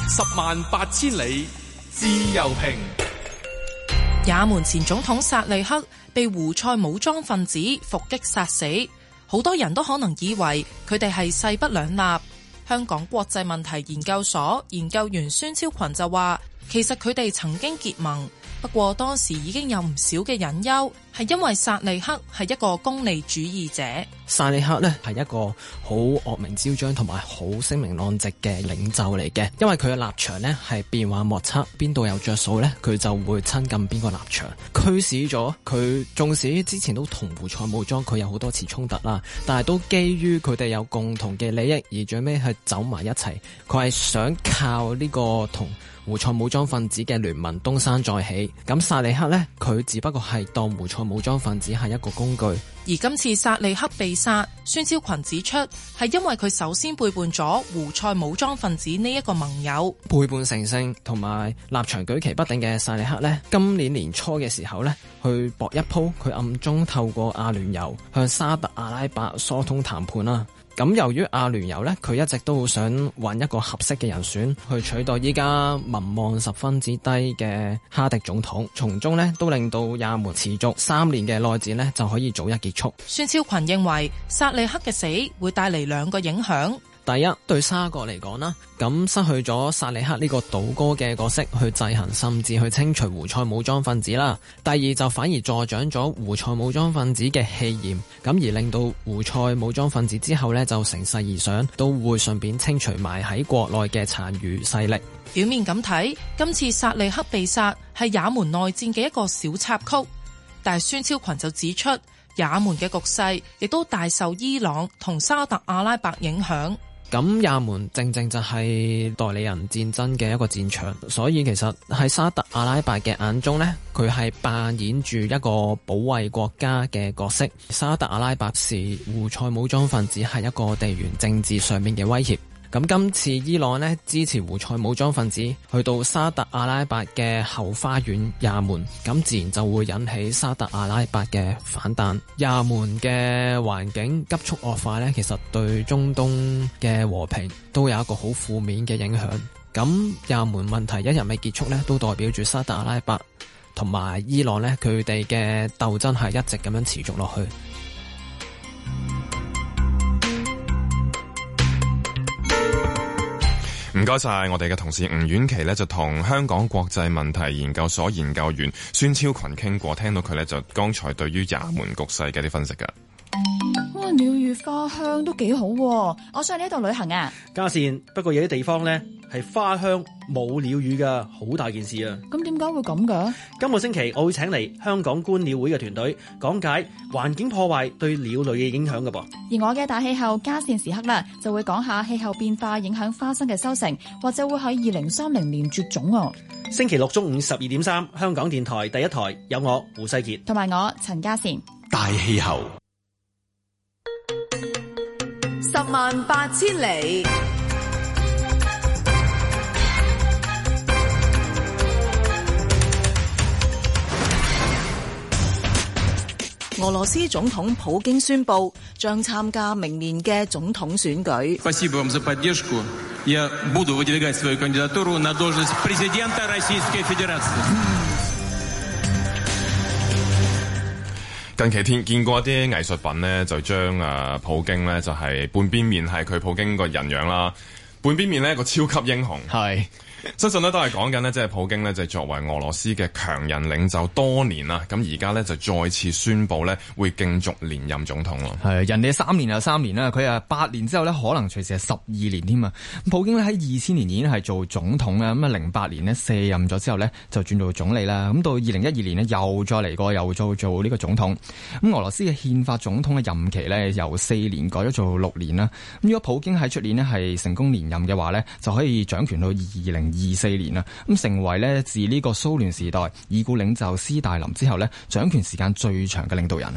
B: 十萬八千里，自由平。
E: 也門前總統薩利克被胡塞武裝分子伏擊殺死，好多人都可能以為佢哋係勢不兩立。香港國際問題研究所研究員孫超群就話，其實佢哋曾經結盟，不過當時已經有唔少嘅隱憂。係因為薩利克係一個功利主義者，
K: 薩利克呢係一個好惡名昭彰同埋好聲名狼藉嘅領袖嚟嘅。因為佢嘅立場呢係變幻莫測，邊度有着數呢，佢就會親近邊個立場，驅使咗佢。縱使之前都同胡塞武裝佢有好多次衝突啦，但係都基於佢哋有共同嘅利益，而最尾係走埋一齊。佢係想靠呢個同。胡塞武裝分子嘅聯盟東山再起，咁薩利克呢，佢只不過係當胡塞武裝分子係一個工具。
E: 而今次薩利克被殺，孫超群指出係因為佢首先背叛咗胡塞武裝分子呢一個盟友，
K: 背叛成性同埋立場舉棋不定嘅薩利克呢，今年年初嘅時候呢，去搏一鋪，佢暗中透過阿聯酋向沙特阿拉伯疏通談判啦。咁由於阿聯酋呢，佢一直都好想揾一個合適嘅人選去取代依家民望十分之低嘅哈迪總統，從中呢都令到也門持續三年嘅內戰呢就可以早日結束。
E: 孫超群認為薩利克嘅死會帶嚟兩個影響。
K: 第一對沙國嚟講啦，咁失去咗薩利克呢個倒戈嘅角色去制衡，甚至去清除胡塞武裝分子啦。第二就反而助長咗胡塞武裝分子嘅氣焰，咁而令到胡塞武裝分子之後呢，就乘勢而上，都會順便清除埋喺國內嘅殘餘勢力。
E: 表面咁睇，今次薩利克被殺係也門內戰嘅一個小插曲，但係孫超群就指出，也門嘅局勢亦都大受伊朗同沙特阿拉伯影響。
K: 咁也門正正就係代理人戰爭嘅一個戰場，所以其實喺沙特阿拉伯嘅眼中呢，佢係扮演住一個保衛國家嘅角色。沙特阿拉伯視胡塞武裝分子係一個地緣政治上面嘅威脅。咁今次伊朗呢，支持胡塞武裝分子去到沙特阿拉伯嘅後花園，也門，咁自然就會引起沙特阿拉伯嘅反彈。也門嘅環境急速惡化呢，其實對中東嘅和平都有一個好負面嘅影響。咁也門問題一日未結束呢，都代表住沙特阿拉伯同埋伊朗呢，佢哋嘅鬥爭係一直咁樣持續落去。
F: 唔該晒，我哋嘅同事吳婉琪咧就同香港國際問題研究所研究員孫超群傾過。聽到佢咧就剛才對於也門局勢嘅啲分析噶。
D: 哇，鳥語花香都幾好喎啊，我想嚟呢度旅行啊。嘉善，不過有啲地方
K: 呢係花香冇鳥語噶，好大件事啊！
G: 咁點解會咁嘅？
K: 今個星期我會請嚟香港觀鳥會嘅團隊講解環境破壞對鳥類嘅影響嘅噃。
G: 而我嘅大氣候嘉善時刻啦，就會講下氣候變化影響花生嘅收成，或者會喺二零三零年絕種哦、啊。
K: 星期六中午十二點三，香港電台第一台有我胡
B: 世傑
G: 同埋我陳嘉善
B: 大氣候。
G: 十萬八千里。俄羅斯總統普京宣布將參加明年嘅總統選舉。
F: 近期天見過一啲藝術品咧，就將啊普京咧就係、是、半邊面係佢普京個人樣啦，半邊面咧個超級英雄。相信呢都係講緊呢，即係普京呢就作為俄羅斯嘅強人領袖多年啦。咁
B: 而家呢就再次宣布呢會競逐連任總統咯。係，人哋三年又三年啦，佢啊八年之後呢可能隨時係十二年添啊。普京喺二千年已經係做總統啦，咁啊零八年呢卸任咗之後呢就轉做總理啦。咁到二零一二年呢又再嚟過，又再做做呢個總統。咁俄羅斯嘅憲法總統嘅任期呢由四年改咗做六年啦。咁如果普京喺出年呢係成功連任嘅話呢，就可以掌權到二零。二四年啦，咁成為咧自呢個蘇聯時代已故領袖斯大林之後咧掌權時間最長嘅領導人。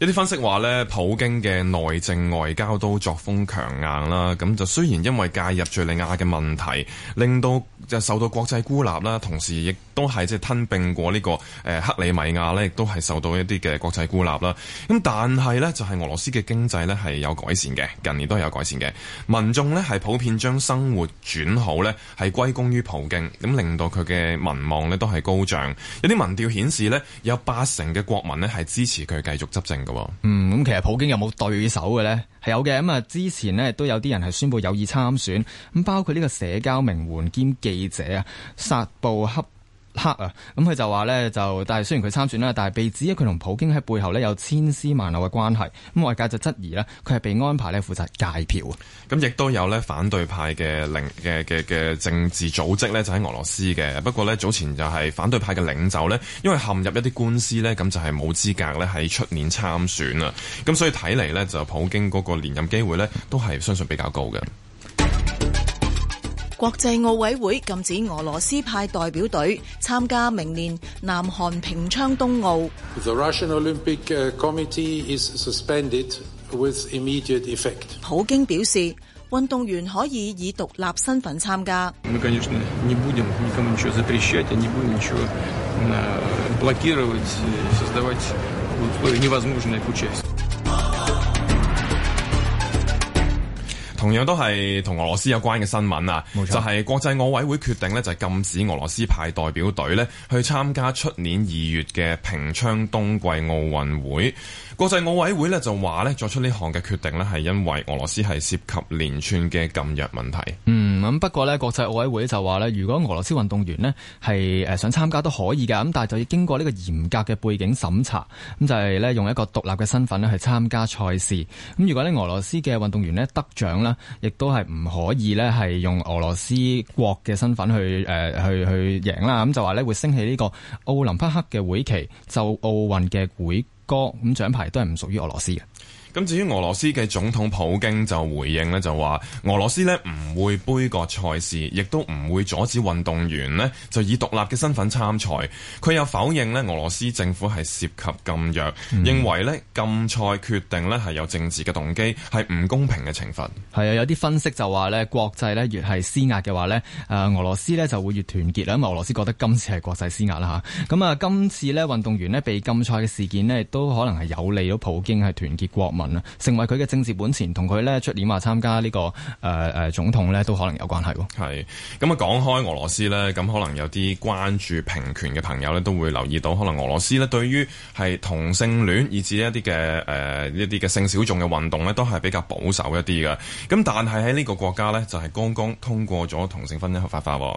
F: 一啲分析話咧，普京嘅內政外交都作風強硬啦，咁就雖然因為介入敘利亞嘅問題令到就受到國際孤立啦，同時亦都係即係吞併過呢個誒克里米亞咧，亦都係受到一啲嘅國際孤立啦。咁但係咧，就係俄羅斯嘅經濟咧係有改善嘅，近年都有改善嘅，民眾咧係普遍將生活轉好咧，係歸功於普京，咁令到佢嘅民望咧都係高漲，有啲民調顯示咧，有八
B: 成嘅國民咧係支持佢繼續執政。嗯，
F: 咁
C: 其實
B: 普京有冇對手嘅咧？係有嘅，咁啊之前咧都有啲人係宣布有意參選，咁包括呢個社交名媛兼記者啊，索布恰克。黑啊，咁、嗯、佢就話咧，就但係雖然佢參選啦，但係被指佢同普京喺背後咧有千絲萬縷嘅關係。咁外界就質疑呢，佢係被安排咧負責界票
F: 啊。咁亦都有咧反對派嘅領嘅嘅嘅政治組織咧，就喺俄羅斯嘅。不過咧早前就係反對派嘅領袖咧，因為陷入一啲官司咧，咁就係冇資格咧喺出年參選啦。咁所以睇嚟咧，就普京嗰個連任機會咧，都係相信比較高嘅。
G: 國際奧委會禁止俄羅斯派代表隊參加明年南韓平昌冬
C: 奧。普
G: 京表示，運動員可以以獨立身份參加。
F: 同樣都係同俄羅斯有關嘅新聞啊，就係、是、國際奧委會決定呢就係禁止俄羅斯派代表隊呢去參加出年二月嘅平昌冬季奧運會。國際奧委會咧就話咧作出呢項嘅決定呢，係因為俄羅斯係涉及連串嘅禁藥問題。
B: 嗯，咁不過呢國際奧委會就話呢，如果俄羅斯運動員呢係誒想參加都可以嘅，咁但係就要經過呢個嚴格嘅背景審查，咁就係、是、呢用一個獨立嘅身份呢去參加賽事。咁如果呢俄羅斯嘅運動員呢得獎啦，亦都係唔可以呢係用俄羅斯國嘅身份去誒去、呃、去贏啦。咁就話會會升起呢個奧林匹克嘅會旗，就奧運嘅會。歌咁獎牌都係唔屬於俄羅斯嘅。咁至於俄羅斯嘅總統普
F: 京就回應呢就話俄羅斯呢唔會杯葛賽事，亦都唔會阻止運動員呢就以獨立嘅身份參賽。佢又否認呢，俄羅斯政府係涉及禁藥，認為呢禁賽決定呢係有政治嘅動機，係唔
B: 公平嘅懲罰。係、嗯、啊，有啲分析就話呢國際呢越係施壓嘅話呢，誒俄羅斯呢就會越團結啦，因為俄羅斯覺得今次係國際施壓啦嚇。咁啊，今次呢運動員呢被禁賽嘅事件呢，亦都可能係有利到普京係團結國民。成為佢嘅政治本錢，同佢咧出年話參加呢個誒誒總統咧，都可能有關係。係咁啊！講開
F: 俄羅斯咧，咁可能有啲關注平權嘅朋友咧，都會留意到，可能俄羅斯呢對於係同性戀，以至、呃、一啲嘅誒一啲嘅性小眾嘅運動呢都係比較保守一啲嘅。咁但係喺呢個國家呢，就係剛剛通過咗同性婚姻合法化。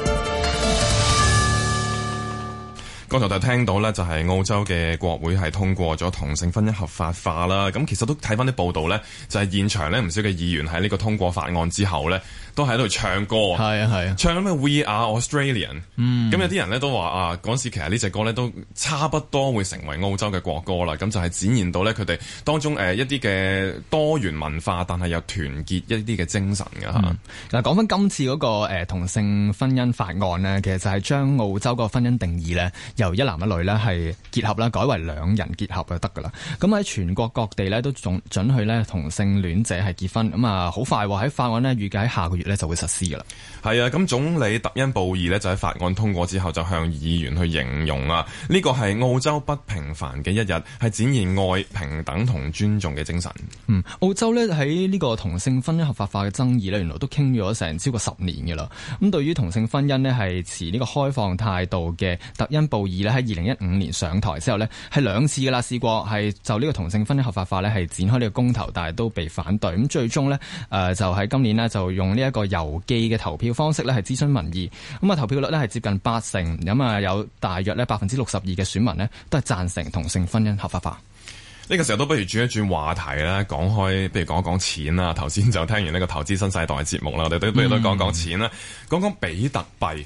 F: 剛才就聽到咧，就係澳洲嘅國會係通過咗同性婚姻合法化啦。咁其實都睇翻啲報道咧，就係現場咧，唔少嘅議員喺呢個通過法案之後咧。都喺度唱歌，係啊係啊，唱緊咩 We Are Australian。咁、嗯、有啲人咧都話啊，嗰時其實呢隻歌咧都差不多會成為澳洲嘅國歌啦。咁就係展現到咧佢哋當中誒一啲嘅多元文化，但係又團結一啲嘅精
B: 神嘅吓。嗱、嗯，講翻今次嗰個誒同性婚姻法案呢，其實就係將澳洲個婚姻定義咧由一男一女咧係結合啦，改為兩人結合就得噶啦。咁喺全國各地咧都仲准許咧同性戀者係結婚。咁啊，好快喎，喺法案呢預計喺下個月。咧就會實施噶啦，
F: 係啊！咁總理特恩布爾呢，就喺法案通過之後，就向議員去形容啊，呢個係澳洲不平凡嘅一日，係展現
B: 愛、平等同尊重嘅精神。嗯，澳洲呢，喺呢個同性婚姻合法化嘅爭議呢，原來都傾咗成超過十年噶啦。咁、嗯嗯、對於同性婚姻呢，係持呢個開放態度嘅特恩布爾呢，喺二零一五年上台之後呢，係兩次噶啦試過係就呢個同性婚姻合法化呢，係展開呢個公投，但係都被反對。咁、嗯、最終呢，呃、就喺今年呢，就用呢一一個郵寄嘅投票方式咧，係諮詢民意。咁啊，投票率咧係接近八成。咁啊，有大約咧百分之六十二嘅選民咧，都係贊成同性婚姻合法化。
F: 呢、呢個時候都不如轉一轉話題啦，講開，不如講講錢啦。頭先就聽完呢個投資新世代嘅節目啦，我哋都不如都講講錢啦、嗯，講講比特幣呢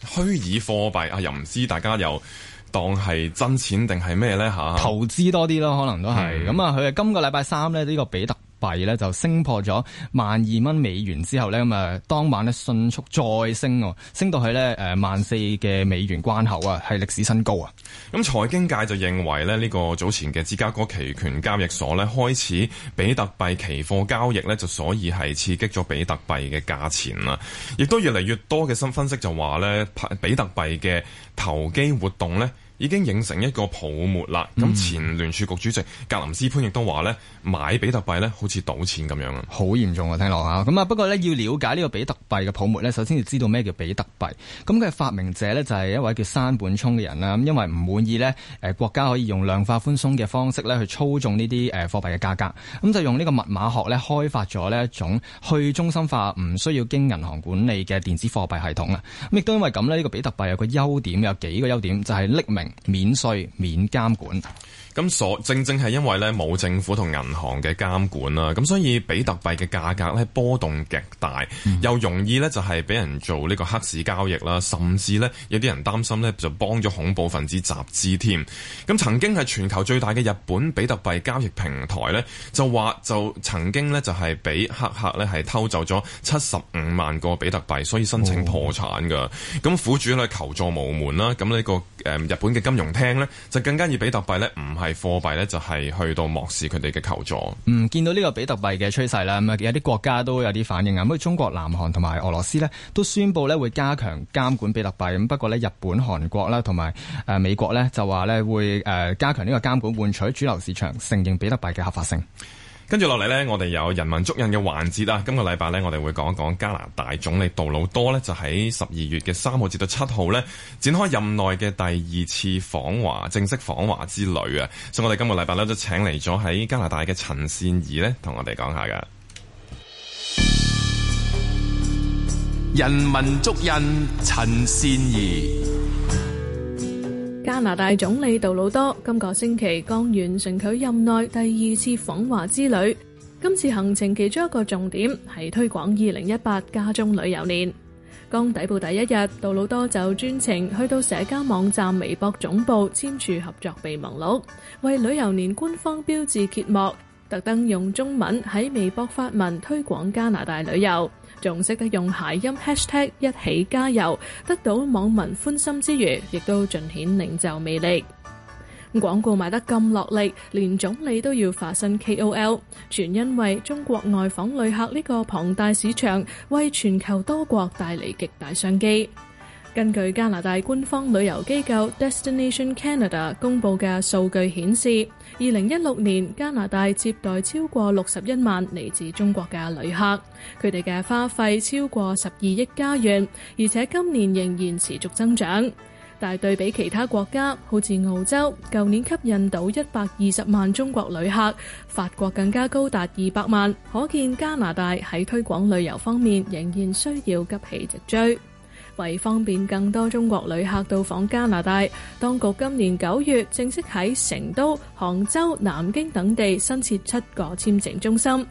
F: 個虛擬貨幣啊，又唔知大家又當係真錢定係咩咧吓？
B: 投資多啲咯，可能都係。咁、嗯、啊，佢啊今個禮拜三咧呢、呢個比特幣。幣咧就升破咗萬二蚊美元之後咧，咁啊當晚咧迅速再升，升到去咧誒萬四嘅美元關口啊，係歷史新高啊！咁財經界就認為咧，呢、這個早前嘅
F: 芝加哥期權交易所咧開始比特幣期貨交易咧，就所以係刺激咗比特幣嘅價錢啦。亦都越嚟越多嘅新分析就話咧，比特幣嘅投機活動咧。已經形成一個泡沫啦！咁前聯儲
B: 局主席格林斯潘亦都話呢，買比特幣呢，好似賭錢咁樣，好嚴重啊！聽落吓！咁啊不過呢，要了解呢個比特幣嘅泡沫呢，首先要知道咩叫比特幣。咁佢嘅發明者呢，就係、是、一位叫山本聰嘅人啦。咁因為唔滿意呢，誒國家可以用量化寬鬆嘅方式呢去操縱呢啲誒貨幣嘅價格，咁就用呢個密碼學呢開發咗呢一種去中心化、唔需要經銀行管理嘅電子貨幣系統啊！咁亦都因為咁咧，呢、這個比特幣有個優點，有幾個優點就係、是、匿名。免稅、免監管。咁所
F: 正正係因為咧冇政府同銀行嘅監管啦，咁所以比特幣嘅價格咧波動極大，又容易咧就係俾人做呢個黑市交易啦，甚至咧有啲人擔心咧就幫咗恐怖分子集資添。咁曾經係全球最大嘅日本比特幣交易平台咧，就話就曾經咧就係俾黑客咧係偷走咗七十五萬個比特幣，所以申請破產㗎。咁、哦、苦主咧求助無門啦，咁呢個誒日本嘅金融廳咧就更加以比特幣咧唔係。係貨幣咧，就係去到漠視佢哋嘅求助。嗯，
B: 見到呢個比特幣嘅趨勢啦，咁啊有啲國家都有啲反應啊。咁啊，中國、南韓同埋俄羅斯咧，都宣布咧會加強監管比特幣。咁不過咧，日本、韓國啦，同埋誒美國咧，就話咧會誒加強呢個監管，換取主流市場承認比特幣嘅合法性。
F: 跟住落嚟呢，我哋有人民足印嘅環節啦，今個禮拜呢，我哋會講一講加拿大總理杜魯多呢，就喺十二月嘅三號至到七號呢，展開任內嘅第二次訪華，正式訪華之旅啊！所以我哋今個禮拜呢，都請嚟咗喺加拿大嘅陳善儀呢，同我哋講下噶。人民足印，陳善儀。
H: 加拿大總理杜魯多今個星期剛完成佢任內第二次訪華之旅，今次行程其中一個重點係推廣二零一八家中旅遊年。剛抵埗第一日，杜魯多就專程去到社交網站微博總部簽署合作備忘錄，為旅遊年官方標誌揭幕。特登用中文喺微博發文推廣加拿大旅遊，仲識得用諧音 hashtag 一起加油，得到網民歡心之餘，亦都盡顯領袖魅力。廣告賣得咁落力，連總理都要化身 KOL，全因為中國外訪旅客呢個龐大市場，為全球多國帶嚟極大商機。根據加拿大官方旅遊機構 Destination Canada 公佈嘅數據顯示，二零一六年加拿大接待超過六十一萬嚟自中國嘅旅客，佢哋嘅花費超過十二億加元，而且今年仍然持續增長。但對比其他國家，好似澳洲舊年吸引到一百二十萬中國旅客，法國更加高達二百萬，可見加拿大喺推廣旅遊方面仍然需要急起直追。為方便更多中國旅客到訪加拿大，當局今年九月正式喺成都、杭州、南京等地新設七個簽證中心。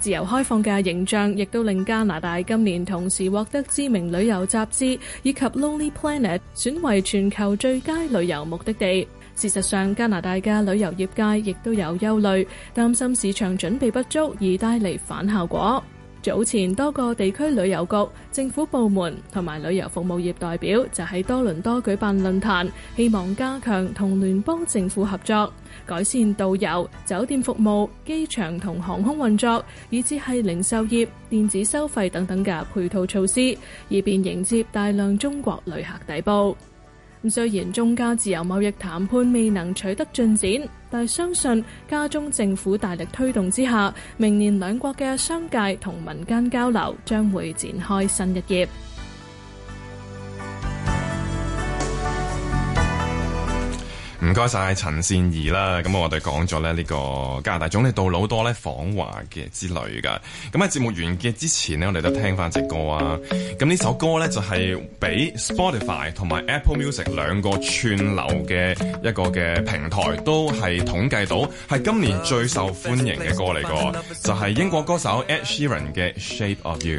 H: 自由開放嘅形象亦都令加拿大今年同時獲得知名旅遊雜誌以及 Lonely Planet 選為全球最佳旅遊目的地。事實上，加拿大嘅旅遊業界亦都有憂慮，擔心市場準備不足而帶嚟反效果。早前多個地區旅遊局、政府部門同埋旅遊服務業代表就喺多倫多舉辦論壇，希望加強同聯邦政府合作，改善導遊、酒店服務、機場同航空運作，以至係零售業、電子收費等等嘅配套措施，以便迎接大量中國旅客抵埗。雖然中加自由貿易談判未能取得進展，但相信加中政府大力推動之下，明年兩國嘅商界同民間交流將會展開新一頁。
F: 唔該曬陳善儀啦，咁我哋講咗咧呢個加拿大總理杜魯多咧訪華嘅之類噶，咁喺節目完結之前呢，我哋都聽翻隻歌啊！咁呢首歌咧就係俾 Spotify 同埋 Apple Music 兩個串流嘅一個嘅平台都係統計到係今年最受歡迎嘅歌嚟個，就係英國歌手 Ed Sheeran 嘅
I: Shape of You。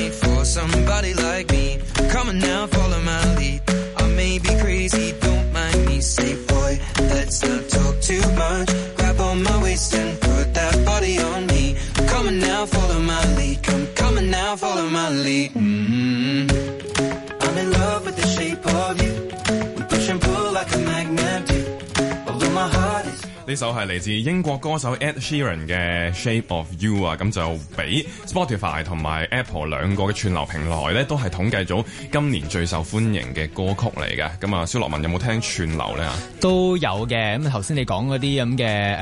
F: 呢首係嚟自英國歌手 Ed Sheeran 嘅 Shape of You 啊，咁就俾 Spotify 同埋 Apple 兩個嘅串流平台咧，都係統計咗今年最受歡迎嘅歌曲嚟嘅。咁啊，蕭樂文有冇聽串流咧？
B: 都有嘅。咁頭先你講嗰啲咁嘅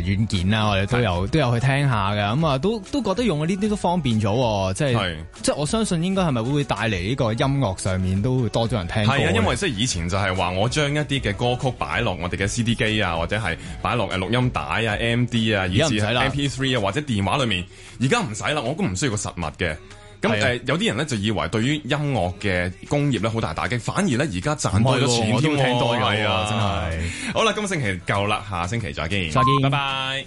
B: 誒誒軟件啊，我哋都有都有去聽下嘅。咁啊，都都覺得用呢啲都方便咗啊。即係即係我相信應該係咪會帶嚟呢個音樂上面都會多咗人聽。係啊，因為
F: 即係以前就係話我將一啲嘅歌曲擺落我哋嘅 CD 機啊，或者係。擺落誒錄音帶啊、M D 啊，以至喺 M P three 啊，或者電話裏面，而家唔使啦，我都唔需要個實物嘅。咁、呃、有啲人咧就以為對於音樂嘅工業咧好大打擊，反而咧而家賺多咗錢添，聽多啊，真係。好啦，今個星期夠啦，下星期再見。再見，拜拜。